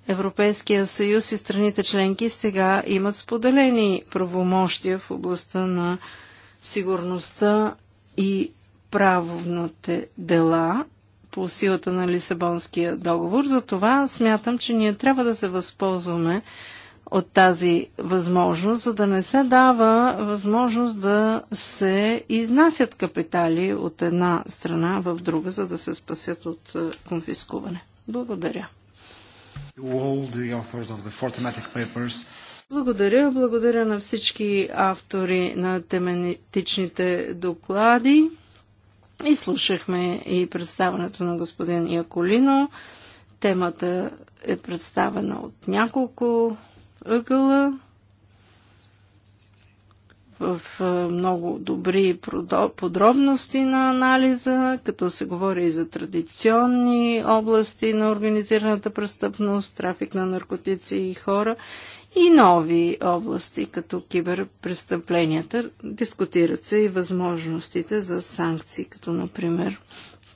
Европейския съюз и страните членки сега имат споделени правомощия в областта на сигурността и правовните дела по силата на Лисабонския договор. Затова смятам, че ние трябва да се възползваме от тази възможност, за да не се дава възможност да се изнасят капитали от една страна в друга, за да се спасят от е, конфискуване. Благодаря. Благодаря, благодаря на всички автори на тематичните доклади. И слушахме и представането на господин Яколино. Темата е представена от няколко ъгъла в много добри подробности на анализа, като се говори и за традиционни области на организираната престъпност, трафик на наркотици и хора и нови области, като киберпрестъпленията. Дискутират се и възможностите за санкции, като например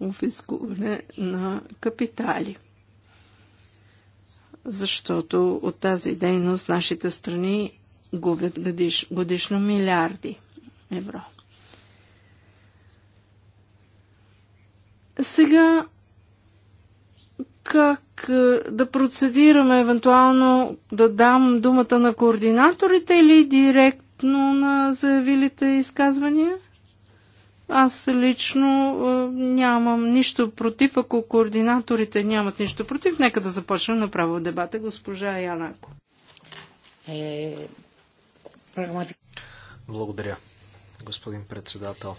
офискуване на капитали защото от тази дейност нашите страни губят годиш, годишно милиарди евро. Сега как е, да процедираме, евентуално да дам думата на координаторите или директно на заявилите изказвания? Аз лично нямам нищо против, ако координаторите нямат нищо против. Нека да започнем направо дебата, госпожа Янако. Е, Благодаря, господин председател.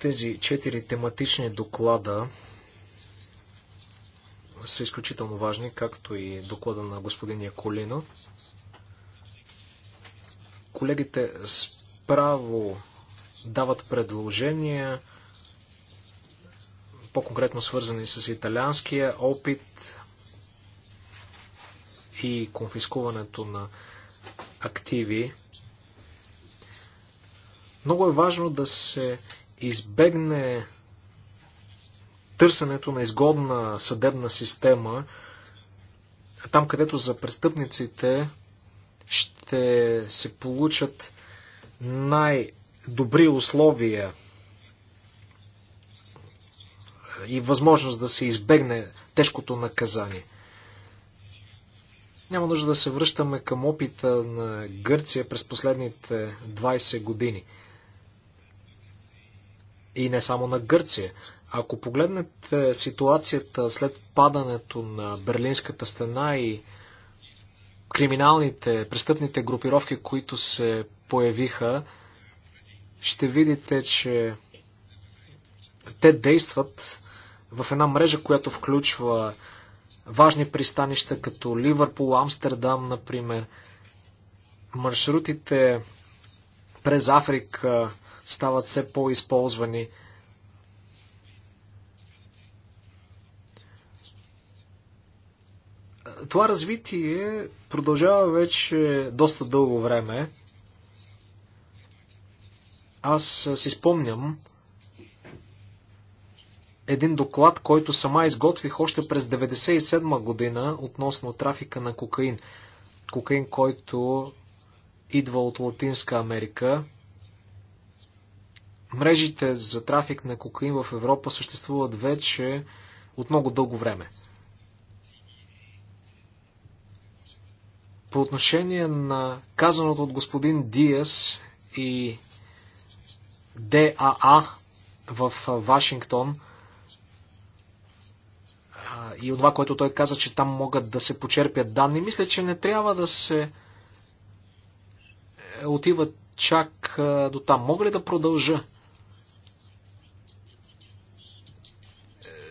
Тези четири тематични доклада са изключително важни, както и доклада на господин Яколино. Колегите справо дават предложения, по-конкретно свързани с италианския опит и конфискуването на активи. Много е важно да се избегне търсенето на изгодна съдебна система, там където за престъпниците ще се получат най-добри условия и възможност да се избегне тежкото наказание. Няма нужда да се връщаме към опита на Гърция през последните 20 години. И не само на Гърция. Ако погледнете ситуацията след падането на Берлинската стена и криминалните, престъпните групировки, които се появиха, ще видите, че те действат в една мрежа, която включва важни пристанища, като Ливърпул, Амстердам, например. Маршрутите през Африка стават все по-използвани. Това развитие продължава вече доста дълго време. Аз си спомням един доклад, който сама изготвих още през 1997 година относно трафика на кокаин. Кокаин, който идва от Латинска Америка. Мрежите за трафик на кокаин в Европа съществуват вече от много дълго време. По отношение на казаното от господин Диас и ДАА в Вашингтон и от това, което той каза, че там могат да се почерпят данни, мисля, че не трябва да се е, отиват чак до там. Мога ли да продължа?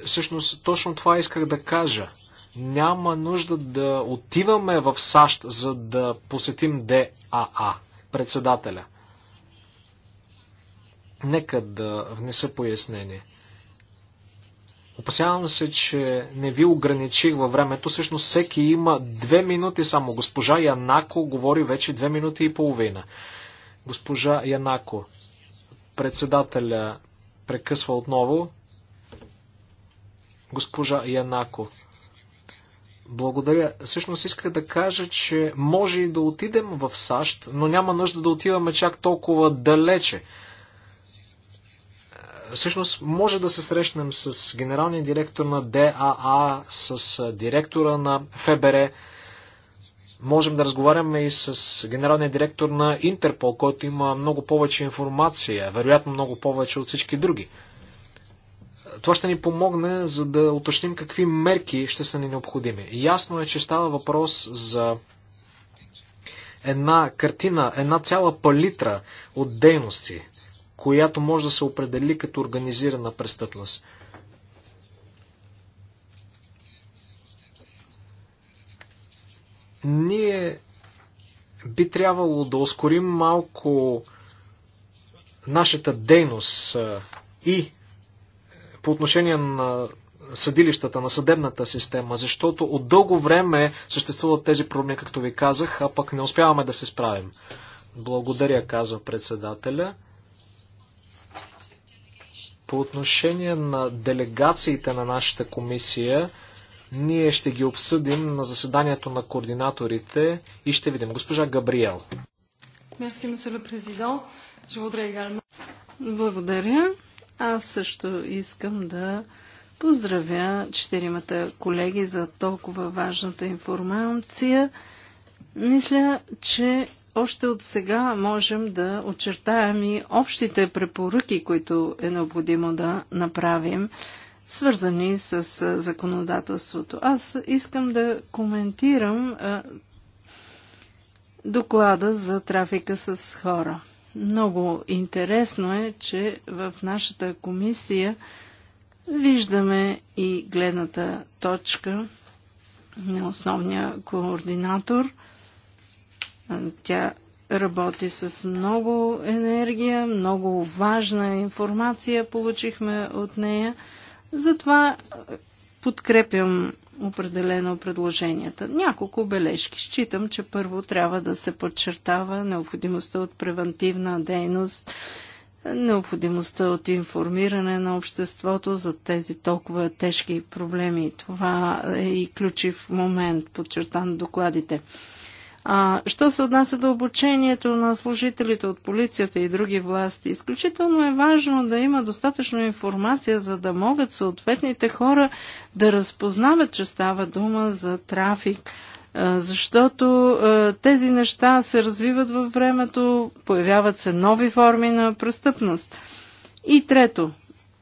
Е, всъщност, точно това исках да кажа. Няма нужда да отиваме в САЩ, за да посетим ДАА, председателя. Нека да внеса пояснение. Опасявам се, че не ви ограничих във времето. Всъщност всеки има две минути само. Госпожа Янако говори вече две минути и половина. Госпожа Янако, председателя прекъсва отново. Госпожа Янако, благодаря. Всъщност исках да кажа, че може и да отидем в САЩ, но няма нужда да отиваме чак толкова далече. Всъщност може да се срещнем с генералния директор на ДАА, с директора на ФБР. Можем да разговаряме и с генералния директор на Интерпол, който има много повече информация, вероятно много повече от всички други. Това ще ни помогне, за да уточним какви мерки ще са ни необходими. Ясно е, че става въпрос за една картина, една цяла палитра от дейности, която може да се определи като организирана престъпност. Ние би трябвало да ускорим малко нашата дейност и по отношение на съдилищата, на съдебната система, защото от дълго време съществуват тези проблеми, както ви казах, а пък не успяваме да се справим. Благодаря, казва председателя. По отношение на делегациите на нашата комисия, ние ще ги обсъдим на заседанието на координаторите и ще видим. Госпожа Габриел. Благодаря. Аз също искам да поздравя четиримата колеги за толкова важната информация. Мисля, че още от сега можем да очертаем и общите препоръки, които е необходимо да направим, свързани с законодателството. Аз искам да коментирам доклада за трафика с хора. Много интересно е, че в нашата комисия виждаме и гледната точка на основния координатор. Тя работи с много енергия, много важна информация получихме от нея. Затова подкрепям определено предложенията. Няколко бележки. Считам, че първо трябва да се подчертава необходимостта от превентивна дейност, необходимостта от информиране на обществото за тези толкова тежки проблеми. Това е и ключив момент, подчертан в докладите. А, що се отнася до обучението на служителите от полицията и други власти, изключително е важно да има достатъчно информация, за да могат съответните хора да разпознават, че става дума за трафик. А, защото а, тези неща се развиват във времето, появяват се нови форми на престъпност. И трето,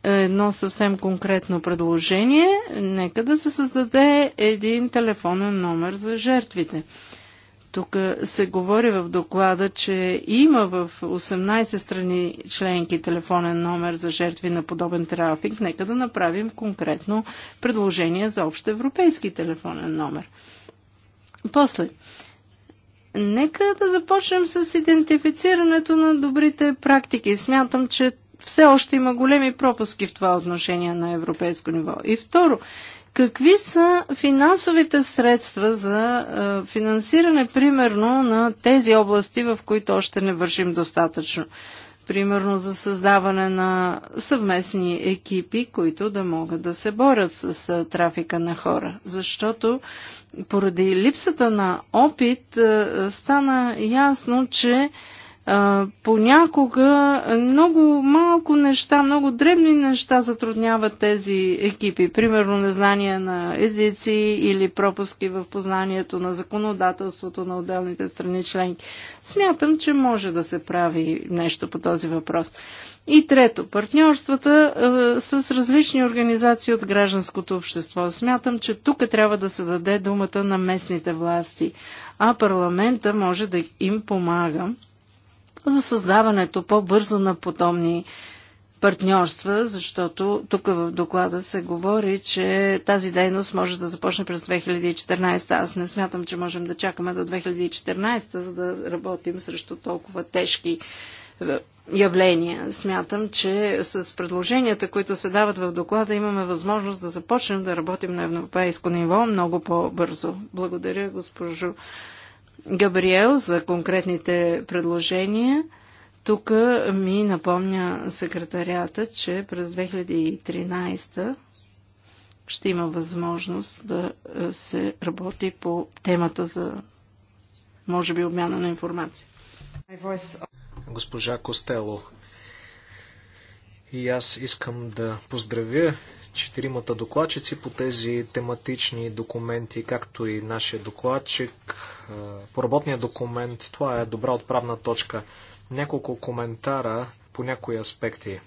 едно съвсем конкретно предложение, нека да се създаде един телефонен номер за жертвите. Тук е, се говори в доклада, че има в 18 страни членки телефонен номер за жертви на подобен трафик. Нека да направим конкретно предложение за общ европейски телефонен номер. После, нека да започнем с идентифицирането на добрите практики. Смятам, че все още има големи пропуски в това отношение на европейско ниво. И второ, Какви са финансовите средства за е, финансиране, примерно, на тези области, в които още не вършим достатъчно? Примерно за създаване на съвместни екипи, които да могат да се борят с, е, трафика на хора. Защото поради липсата на опит е, стана ясно, че понякога много малко неща, много дребни неща затрудняват тези екипи. Примерно незнание на езици или пропуски в познанието на законодателството на отделните страни членки. Смятам, че може да се прави нещо по този въпрос. И трето, партньорствата е, с различни организации от гражданското общество. Смятам, че тук трябва да се даде думата на местните власти, а парламента може да им помага за създаването по-бързо на подобни партньорства, защото тук в доклада се говори, че тази дейност може да започне през 2014. Аз не смятам, че можем да чакаме до 2014, за да работим срещу толкова тежки е, явления. Смятам, че с предложенията, които се дават в доклада, имаме възможност да започнем да работим на европейско ниво много по-бързо. Благодаря, госпожо Габриел за конкретните предложения. Тук ми напомня секретарята, че през 2013 ще има възможност да е, се работи по темата за, може би, обмяна на информация. Госпожа Костело, и аз искам да поздравя четиримата докладчици по тези тематични документи, както и нашия докладчик по работния документ. Това е добра отправна точка. Няколко коментара по някои аспекти.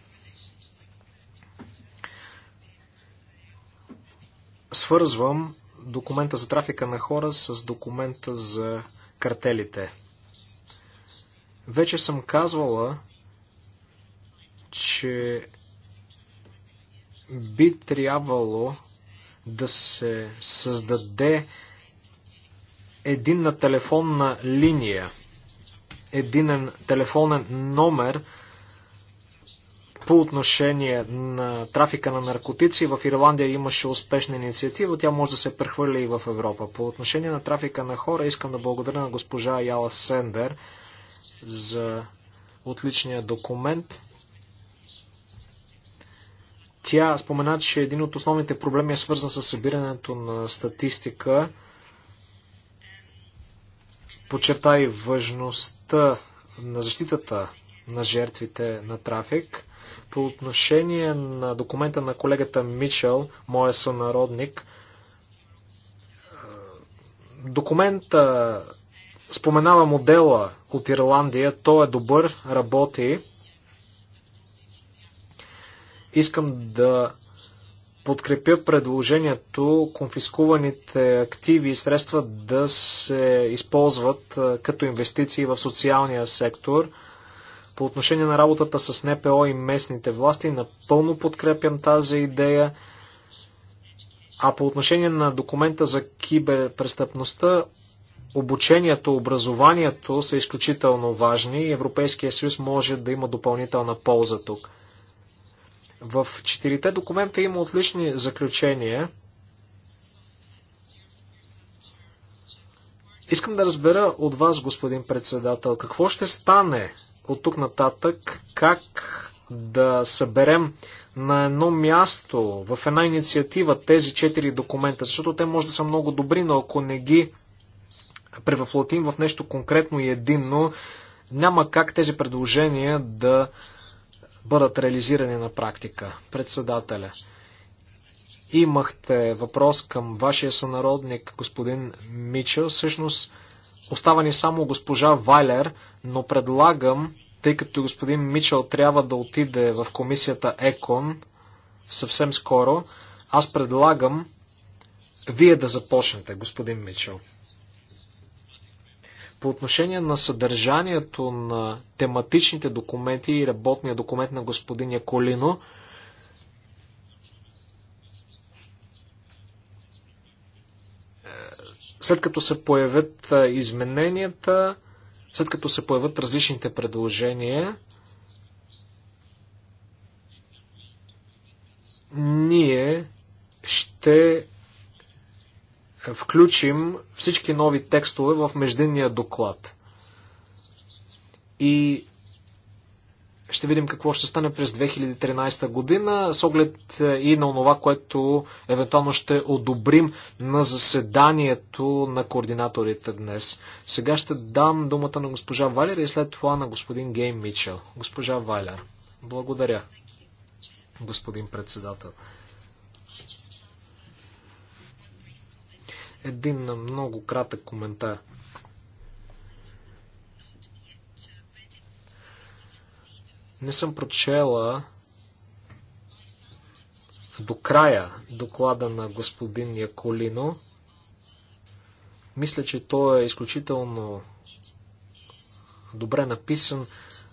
Свързвам документа за трафика на хора с документа за картелите. Вече съм казвала, че би трябвало да се създаде единна телефонна линия, единен телефонен номер по отношение на трафика на наркотици. В Ирландия имаше успешна инициатива, тя може да се прехвърли и в Европа. По отношение на трафика на хора, искам да благодаря на госпожа Яла Сендер за отличния документ. Тя спомена, че един от основните проблеми е свързан с събирането на статистика. Почерта и важността на защитата на жертвите на трафик. По отношение на документа на колегата Мичел, моя сънародник, документа споменава модела от Ирландия, той е добър, работи. Искам да подкрепя предложението конфискуваните активи и средства да се използват като инвестиции в социалния сектор. По отношение на работата с НПО и местните власти, напълно подкрепям тази идея. А по отношение на документа за киберпрестъпността, обучението, образованието са изключително важни и Европейския съюз може да има допълнителна полза тук. В четирите документа има отлични заключения. Искам да разбера от вас, господин председател, какво ще стане от тук нататък, как да съберем на едно място, в една инициатива тези четири документа, защото те може да са много добри, но ако не ги превъплатим в нещо конкретно и единно, няма как тези предложения да бъдат реализирани на практика. Председателя, имахте въпрос към вашия сънародник, господин Мичел. Всъщност, остава ни само госпожа Вайлер, но предлагам, тъй като господин Мичел трябва да отиде в комисията ЕКОН съвсем скоро, аз предлагам вие да започнете, господин Мичел. По отношение на съдържанието на тематичните документи и работния документ на господин Яколино, е, след като се появят е, измененията, след като се появят различните предложения, ние ще включим всички нови текстове в междинния доклад. И ще видим какво ще стане през 2013 година, с оглед е, и на това, което евентуално ще одобрим на заседанието на координаторите днес. Сега ще дам думата на госпожа Валер и след това на господин Гейм Мичел. Госпожа Валер, благодаря, господин председател. един на много кратък коментар. Не съм прочела до края доклада на господин Яколино. Мисля, че той е изключително добре написан,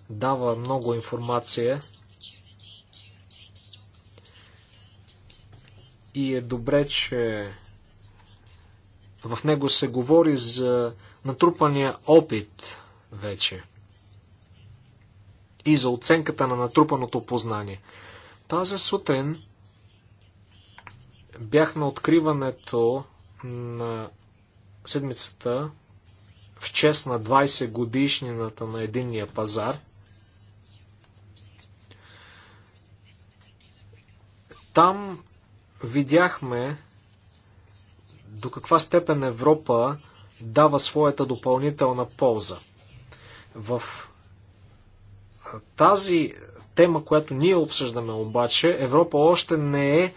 дава много информация и е добре, че в него се говори за натрупания опит вече и за оценката на натрупаното познание. Тази сутрин бях на откриването на седмицата в чест на 20 годишнината на единния пазар. Там видяхме до каква степен Европа дава своята допълнителна полза. В тази тема, която ние обсъждаме обаче, Европа още не е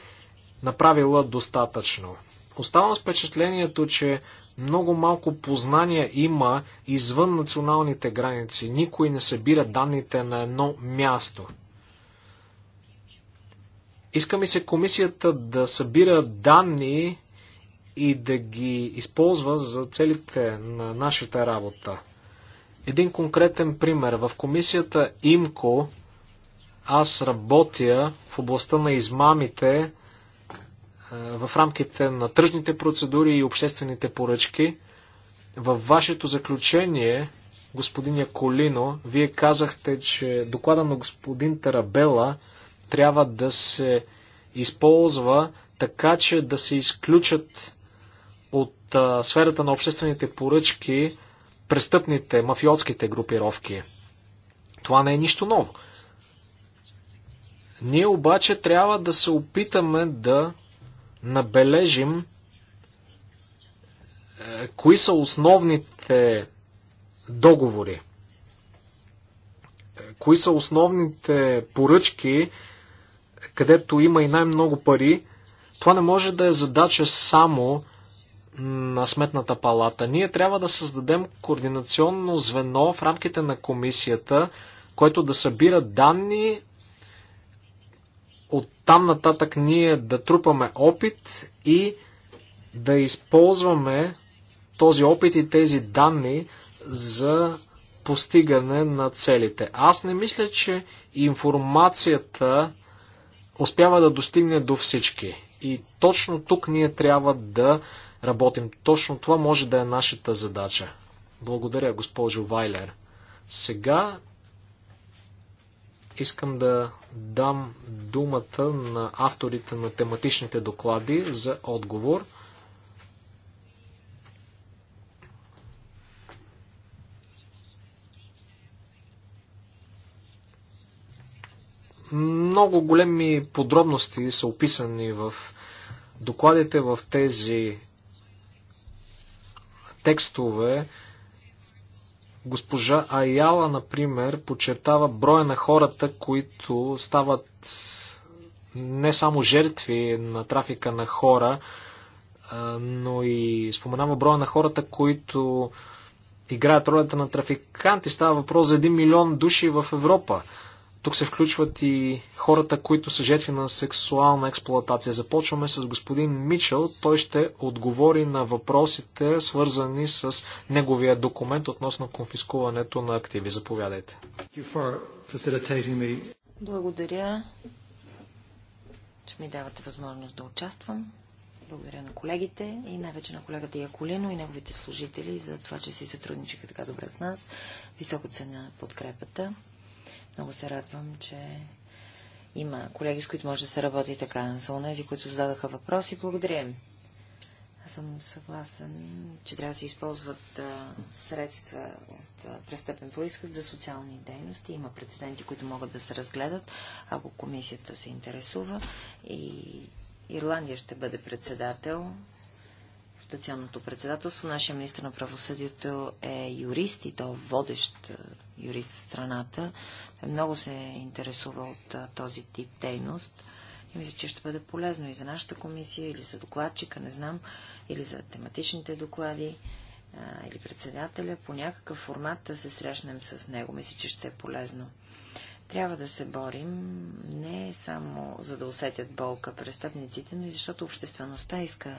направила достатъчно. Оставам с впечатлението, че много малко познания има извън националните граници. Никой не събира данните на едно място. Иска ми се комисията да събира данни и да ги използва за целите на нашата работа. Един конкретен пример. В комисията ИМКО аз работя в областта на измамите е, в рамките на тръжните процедури и обществените поръчки. Във вашето заключение, господин Яколино, вие казахте, че доклада на господин Тарабела трябва да се използва така, че да се изключат сферата на обществените поръчки престъпните, мафиотските групировки. Това не е нищо ново. Ние обаче трябва да се опитаме да набележим е, кои са основните договори, е, кои са основните поръчки, където има и най-много пари. Това не може да е задача само на Сметната палата. Ние трябва да създадем координационно звено в рамките на комисията, което да събира данни от там нататък ние да трупаме опит и да използваме този опит и тези данни за постигане на целите. Аз не мисля, че информацията успява да достигне до всички. И точно тук ние трябва да работим. Точно това може да е нашата задача. Благодаря, госпожо Вайлер. Сега искам да дам думата на авторите на тематичните доклади за отговор. Много големи подробности са описани в докладите в тези текстове. Госпожа Аяла, например, подчертава броя на хората, които стават не само жертви на трафика на хора, но и споменава броя на хората, които играят ролята на трафиканти. Става въпрос за 1 милион души в Европа. Тук се включват и хората, които са жертви на сексуална експлоатация. Започваме с господин Мичел. Той ще отговори на въпросите, свързани с неговия документ относно конфискуването на активи. Заповядайте. Благодаря, че ми давате възможност да участвам. Благодаря на колегите и най-вече на колегата Яколино и неговите служители за това, че си сътрудничиха така добре с нас. Високо цена подкрепата много се радвам, че има колеги, с които може да се работи така. За онези, които зададаха въпроси, благодаря им. Аз съм съгласен, че трябва да се използват а, средства от а, престъпен происход за социални дейности. Има прецеденти, които могат да се разгледат, ако комисията се интересува. И Ирландия ще бъде председател ротационното председателство. Нашия министр на правосъдието е юрист и то водещ е, юрист в страната. много се интересува от е, този тип дейност. И мисля, че ще бъде полезно и за нашата комисия, или за докладчика, не знам, или за тематичните доклади, е, или председателя. По някакъв формат да се срещнем с него. Мисля, че ще е полезно. Трябва да се борим не само за да усетят болка престъпниците, но и защото обществеността иска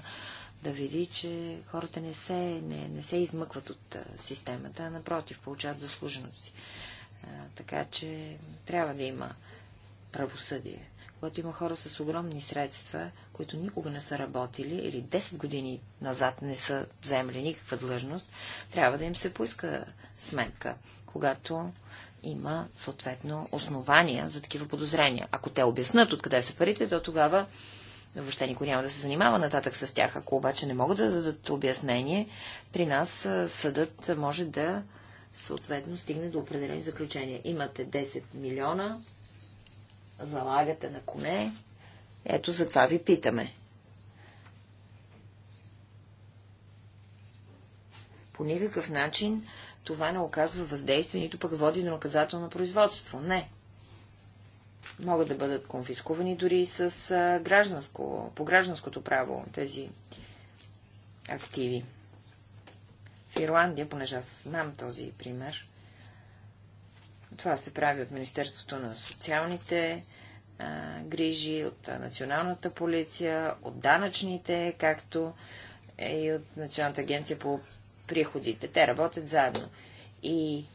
да види, че хората не се, не, не се измъкват от системата, а напротив, получават заслуженото си. така че трябва да има правосъдие. Когато има хора с огромни средства, които никога не са работили или 10 години назад не са вземали никаква длъжност, трябва да им се поиска сметка, когато има съответно основания за такива подозрения. Ако те обяснат откъде са парите, то тогава Въобще никой няма да се занимава нататък с тях. Ако обаче не могат да дадат обяснение, при нас съдът може да съответно стигне до определени заключения. Имате 10 милиона, залагате на коне. Ето за това ви питаме. По никакъв начин това не оказва въздействие, нито пък води до наказателно производство. Не могат да бъдат конфискувани дори и с гражданско, по гражданското право тези активи. В Ирландия, понеже аз знам този пример, това се прави от Министерството на социалните а, грижи, от националната полиция, от данъчните, както и от Националната агенция по приходите. Те работят заедно и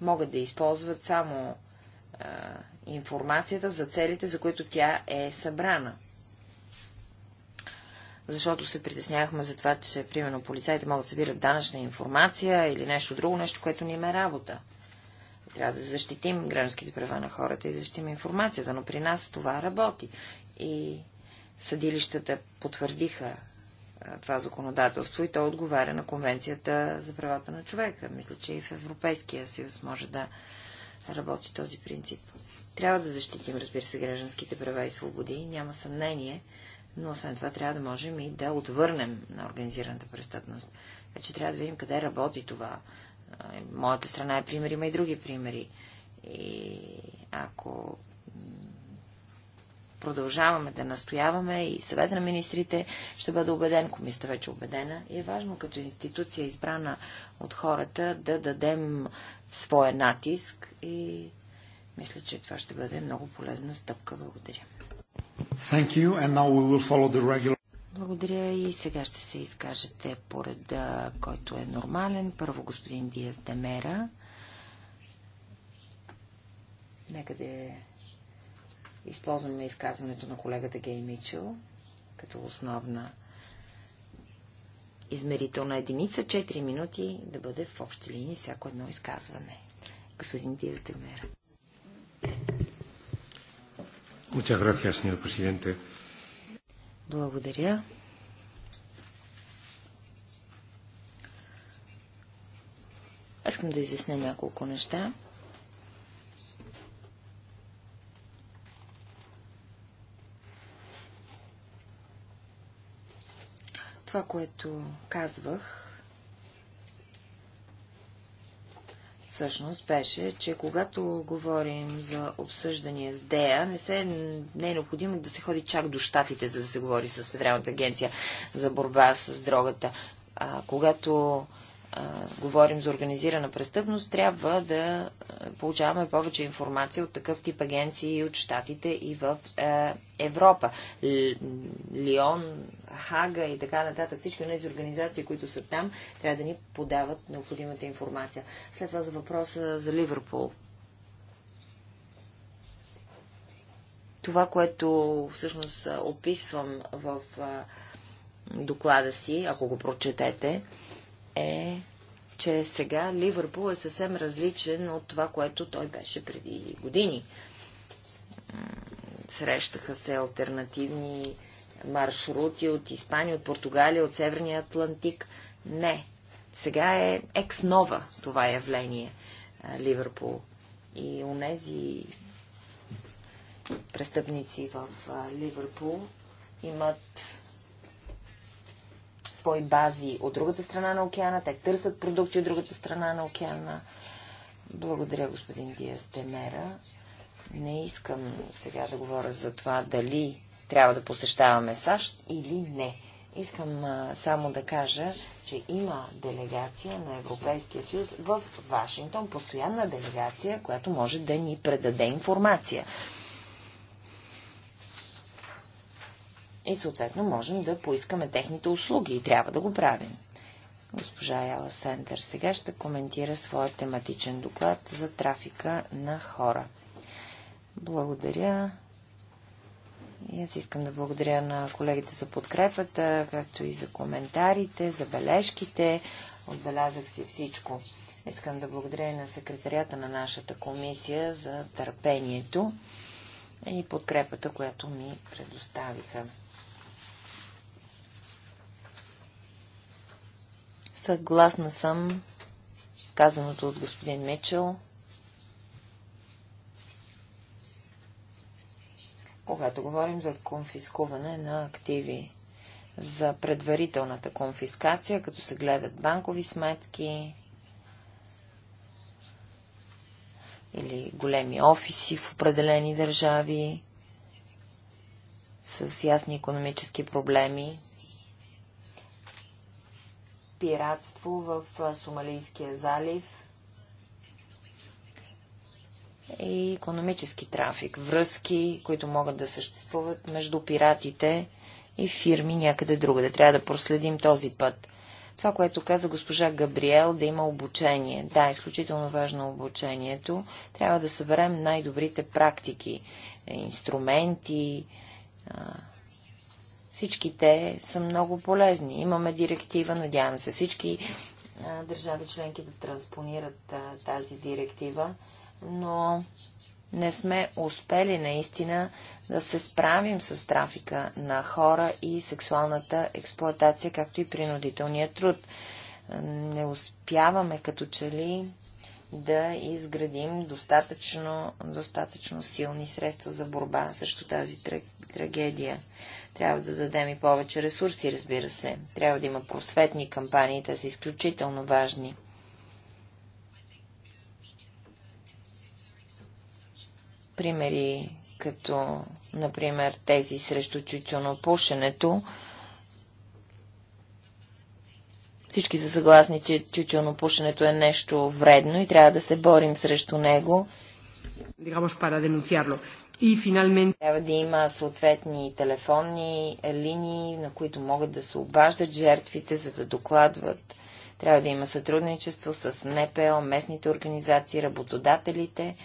могат да използват само а, информацията за целите, за които тя е събрана. Защото се притеснявахме за това, че, примерно, полицаите могат да събират данъчна информация или нещо друго, нещо, което не има е работа. Трябва да защитим гражданските права на хората и защитим информацията, но при нас това работи. И съдилищата потвърдиха това законодателство и то отговаря на Конвенцията за правата на човека. Мисля, че и в Европейския съюз може да работи този принцип. Трябва да защитим, разбира се, гражданските права и свободи, няма съмнение, но освен това трябва да можем и да отвърнем на организираната престъпност. Вече трябва да видим къде работи това. Моята страна е пример, има и други примери. И ако продължаваме да настояваме и съвета на министрите ще бъде убеден, комисията вече е убедена. И е важно като институция, избрана от хората, да дадем своя натиск и мисля, че това ще бъде много полезна стъпка. Благодаря. Thank you, and now we will follow the regular... Благодаря и сега ще се изкажете поред който е нормален. Първо господин Диас Демера. Нека да използваме изказването на колегата Гей Мичел като основна измерителна единица. 4 минути да бъде в общи линии всяко едно изказване. Господин Диас Демера. Благодаря. Искам да изясня няколко неща. Това, което казвах, всъщност беше, че когато говорим за обсъждания с ДЕА, не, се, не е необходимо да се ходи чак до щатите, за да се говори с Федералната агенция за борба с дрогата. А, когато говорим за организирана престъпност, трябва да получаваме повече информация от такъв тип агенции от щатите и в е, Европа. Лион, Хага и така нататък, всички тези организации, които са там, трябва да ни подават необходимата информация. След това за въпроса за Ливърпул. Това, което всъщност описвам в доклада си, ако го прочетете, е, че сега Ливърпул е съвсем различен от това, което той беше преди години. Срещаха се альтернативни маршрути от Испания, от Португалия, от Северния Атлантик. Не. Сега е екснова това явление Ливърпул. И унези престъпници в Ливърпул имат свои бази от другата страна на океана, те търсят продукти от другата страна на океана. Благодаря, господин Диас Темера. Не искам сега да говоря за това дали трябва да посещаваме САЩ или не. Искам а, само да кажа, че има делегация на Европейския съюз в Вашингтон, постоянна делегация, която може да ни предаде информация. И съответно можем да поискаме техните услуги и трябва да го правим. Госпожа Яла Сендър сега ще коментира своя тематичен доклад за трафика на хора. Благодаря. И аз искам да благодаря на колегите за подкрепата, както и за коментарите, за бележките. Отбелязах си всичко. Искам да благодаря и на секретарията на нашата комисия за търпението и подкрепата, която ми предоставиха. Съгласна съм казаното от господин Мечел. Когато говорим за конфискуване на активи, за предварителната конфискация, като се гледат банкови сметки или големи офиси в определени държави с ясни економически проблеми, пиратство в Сомалийския залив и економически трафик, връзки, които могат да съществуват между пиратите и фирми някъде другаде. Да трябва да проследим този път. Това, което каза госпожа Габриел, да има обучение. Да, изключително важно обучението. Трябва да съберем най-добрите практики, инструменти, всички те са много полезни. Имаме директива, надявам се всички държави членки да транспонират тази директива, но не сме успели наистина да се справим с трафика на хора и сексуалната експлоатация, както и принудителния труд. Не успяваме като че ли да изградим достатъчно, достатъчно силни средства за борба срещу тази трагедия. Трябва да дадем и повече ресурси, разбира се. Трябва да има просветни кампании, те са изключително важни. Примери като, например, тези срещу тютюнопушенето, всички са съгласни, че тютюнопушенето е нещо вредно и трябва да се борим срещу него. И финалмент. Трябва да има съответни телефонни линии, на които могат да се обаждат жертвите, за да докладват. Трябва да има сътрудничество с НПО, местните организации, работодателите.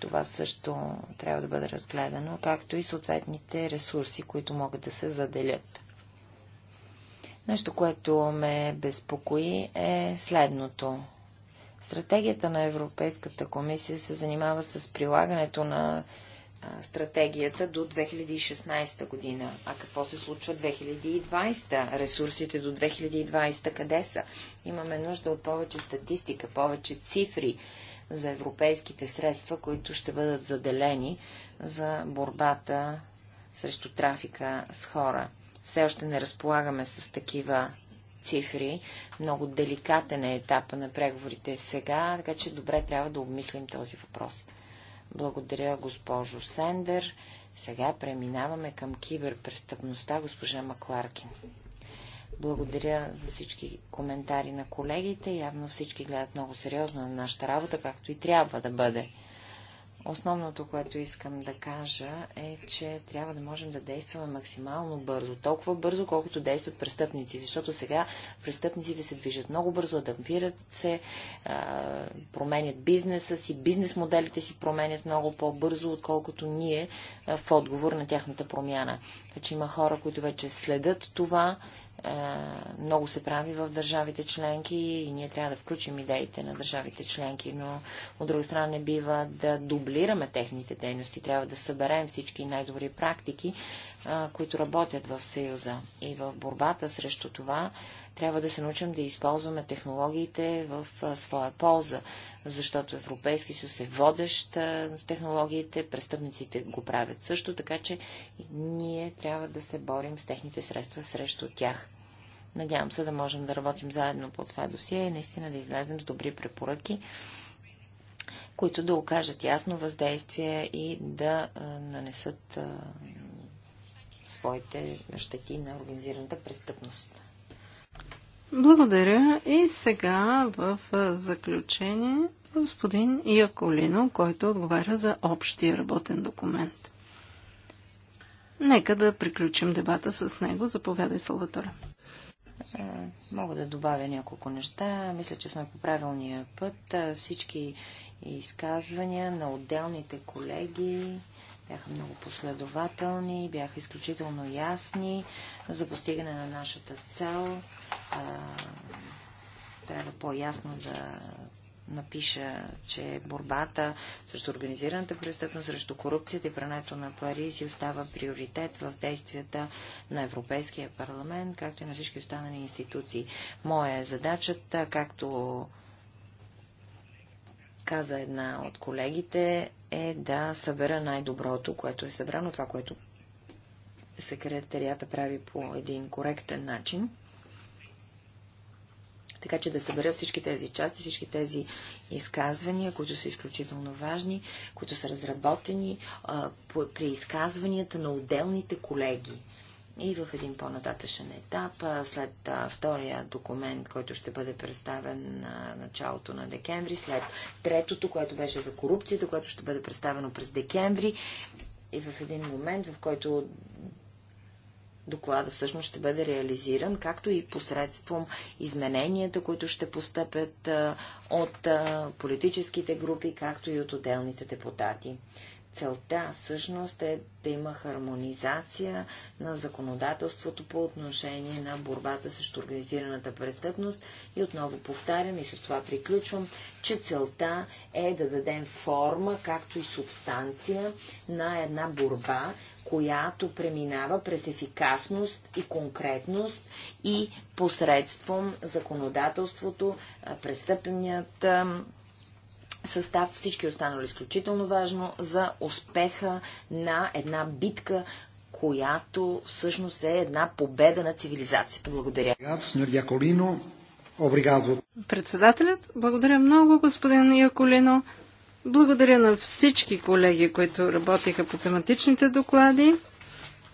Това също трябва да бъде разгледано, както и съответните ресурси, които могат да се заделят. Нещо, което ме безпокои е следното. Стратегията на Европейската комисия се занимава с прилагането на стратегията до 2016 година. А какво се случва 2020? Ресурсите до 2020 къде са? Имаме нужда от повече статистика, повече цифри за европейските средства, които ще бъдат заделени за борбата срещу трафика с хора. Все още не разполагаме с такива цифри. Много деликатен е етапа на преговорите сега, така че добре трябва да обмислим този въпрос. Благодаря, госпожо Сендер. Сега преминаваме към киберпрестъпността, госпожа Макларкин. Благодаря за всички коментари на колегите. Явно всички гледат много сериозно на нашата работа, както и трябва да бъде. Основното, което искам да кажа е, че трябва да можем да действаме максимално бързо. Толкова бързо, колкото действат престъпници. Защото сега престъпниците се движат много бързо, адаптират се, променят бизнеса си, бизнес моделите си променят много по-бързо, отколкото ние в отговор на тяхната промяна. Вече значи има хора, които вече следят това е, много се прави в държавите членки и ние трябва да включим идеите на държавите членки, но от друга страна не бива да дублираме техните дейности. Трябва да съберем всички най-добри практики, е, които работят в Съюза. И в борбата срещу това трябва да се научим да използваме технологиите в е, своя полза защото Европейски съюз е водещ с технологиите, престъпниците го правят също, така че ние трябва да се борим с техните средства срещу тях. Надявам се да можем да работим заедно по това досие и наистина да излезем с добри препоръки, които да окажат ясно въздействие и да нанесат своите щети на организираната престъпност. Благодаря. И сега в заключение господин Яколино, който отговаря за общия работен документ. Нека да приключим дебата с него. Заповядай, Салватора. Е, мога да добавя няколко неща. Мисля, че сме по правилния път. Е, всички изказвания на отделните колеги бяха много последователни, бяха изключително ясни за постигане на нашата цел трябва по-ясно да напиша, че борбата срещу организираната престъпност, срещу корупцията и прането на пари си остава приоритет в действията на Европейския парламент, както и на всички останали институции. Моя е задачата, както каза една от колегите, е да събера най-доброто, което е събрано, това, което секретарията прави по един коректен начин така че да събера всички тези части, всички тези изказвания, които са изключително важни, които са разработени а, по, при изказванията на отделните колеги. И в един по-нататъчен етап, а, след а, втория документ, който ще бъде представен на началото на декември, след третото, което беше за корупцията, което ще бъде представено през декември, и в един момент, в който доклада всъщност ще бъде реализиран, както и посредством измененията, които ще постъпят от политическите групи, както и от отделните депутати. Целта всъщност е да има хармонизация на законодателството по отношение на борбата срещу организираната престъпност. И отново повтарям и с това приключвам, че целта е да дадем форма, както и субстанция на една борба, която преминава през ефикасност и конкретност и посредством законодателството, престъпният състав, всички останали изключително важно за успеха на една битка, която всъщност е една победа на цивилизацията. Благодаря. Председателят, благодаря много, господин Яколино. Благодаря на всички колеги, които работиха по тематичните доклади.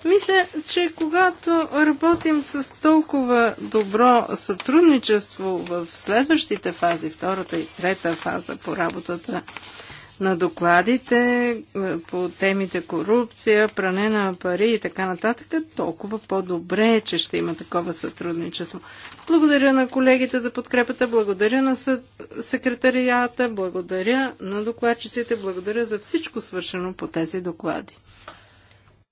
Мисля, че когато работим с толкова добро сътрудничество в следващите фази, втората и трета фаза по работата на докладите е, по темите корупция, пране на пари и така нататък, толкова по-добре е, че ще има такова сътрудничество. Благодаря на колегите за подкрепата, благодаря на секретарията, благодаря на докладчиците, благодаря за всичко свършено по тези доклади.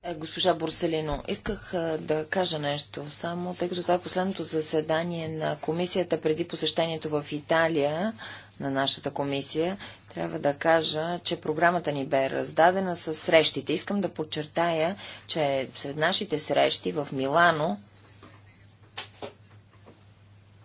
Е, госпожа Борселино, исках е, да кажа нещо само, тъй като това е последното заседание на комисията преди посещението в Италия на нашата комисия трябва да кажа, че програмата ни бе раздадена с срещите. Искам да подчертая, че сред нашите срещи в Милано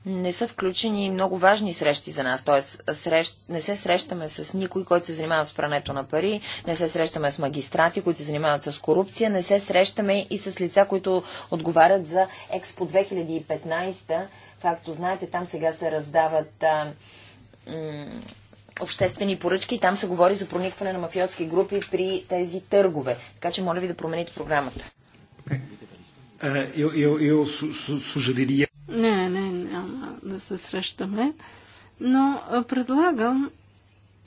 не са включени много важни срещи за нас, т.е. Срещ... не се срещаме с никой, който се занимава с прането на пари, не се срещаме с магистрати, които се занимават с корупция, не се срещаме и с лица, които отговарят за Експо 2015. Както знаете, там сега се раздават а, обществени поръчки и там се говори за проникване на мафиотски групи при тези търгове. Така че моля ви да промените програмата. Е, е, е, не, не, няма да се срещаме, но предлагам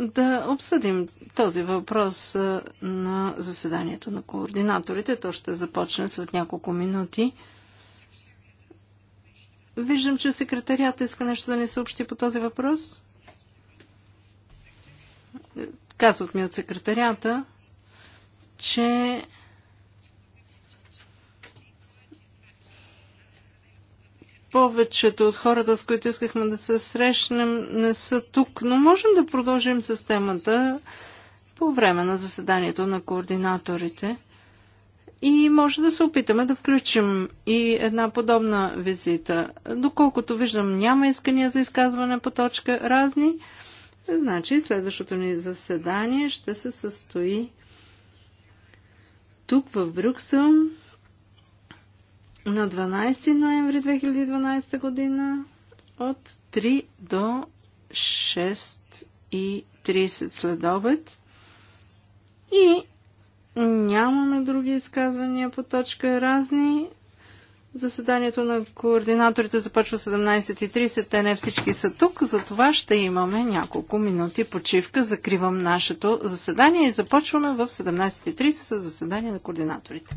да обсъдим този въпрос на заседанието на координаторите. То ще започне след няколко минути. Виждам, че секретарията иска нещо да ни съобщи по този въпрос казват ми от секретарята, че повечето от хората, с които искахме да се срещнем, не са тук, но можем да продължим с темата по време на заседанието на координаторите. И може да се опитаме да включим и една подобна визита. Доколкото виждам, няма искания за изказване по точка разни. Значи следващото ни заседание ще се състои тук в Брюксел на 12 ноември 2012 година от 3 до 6 и 30 след обед. И нямаме други изказвания по точка разни. Заседанието на координаторите започва 17.30. Те не всички са тук, затова ще имаме няколко минути почивка. Закривам нашето заседание и започваме в 17.30 с заседание на координаторите.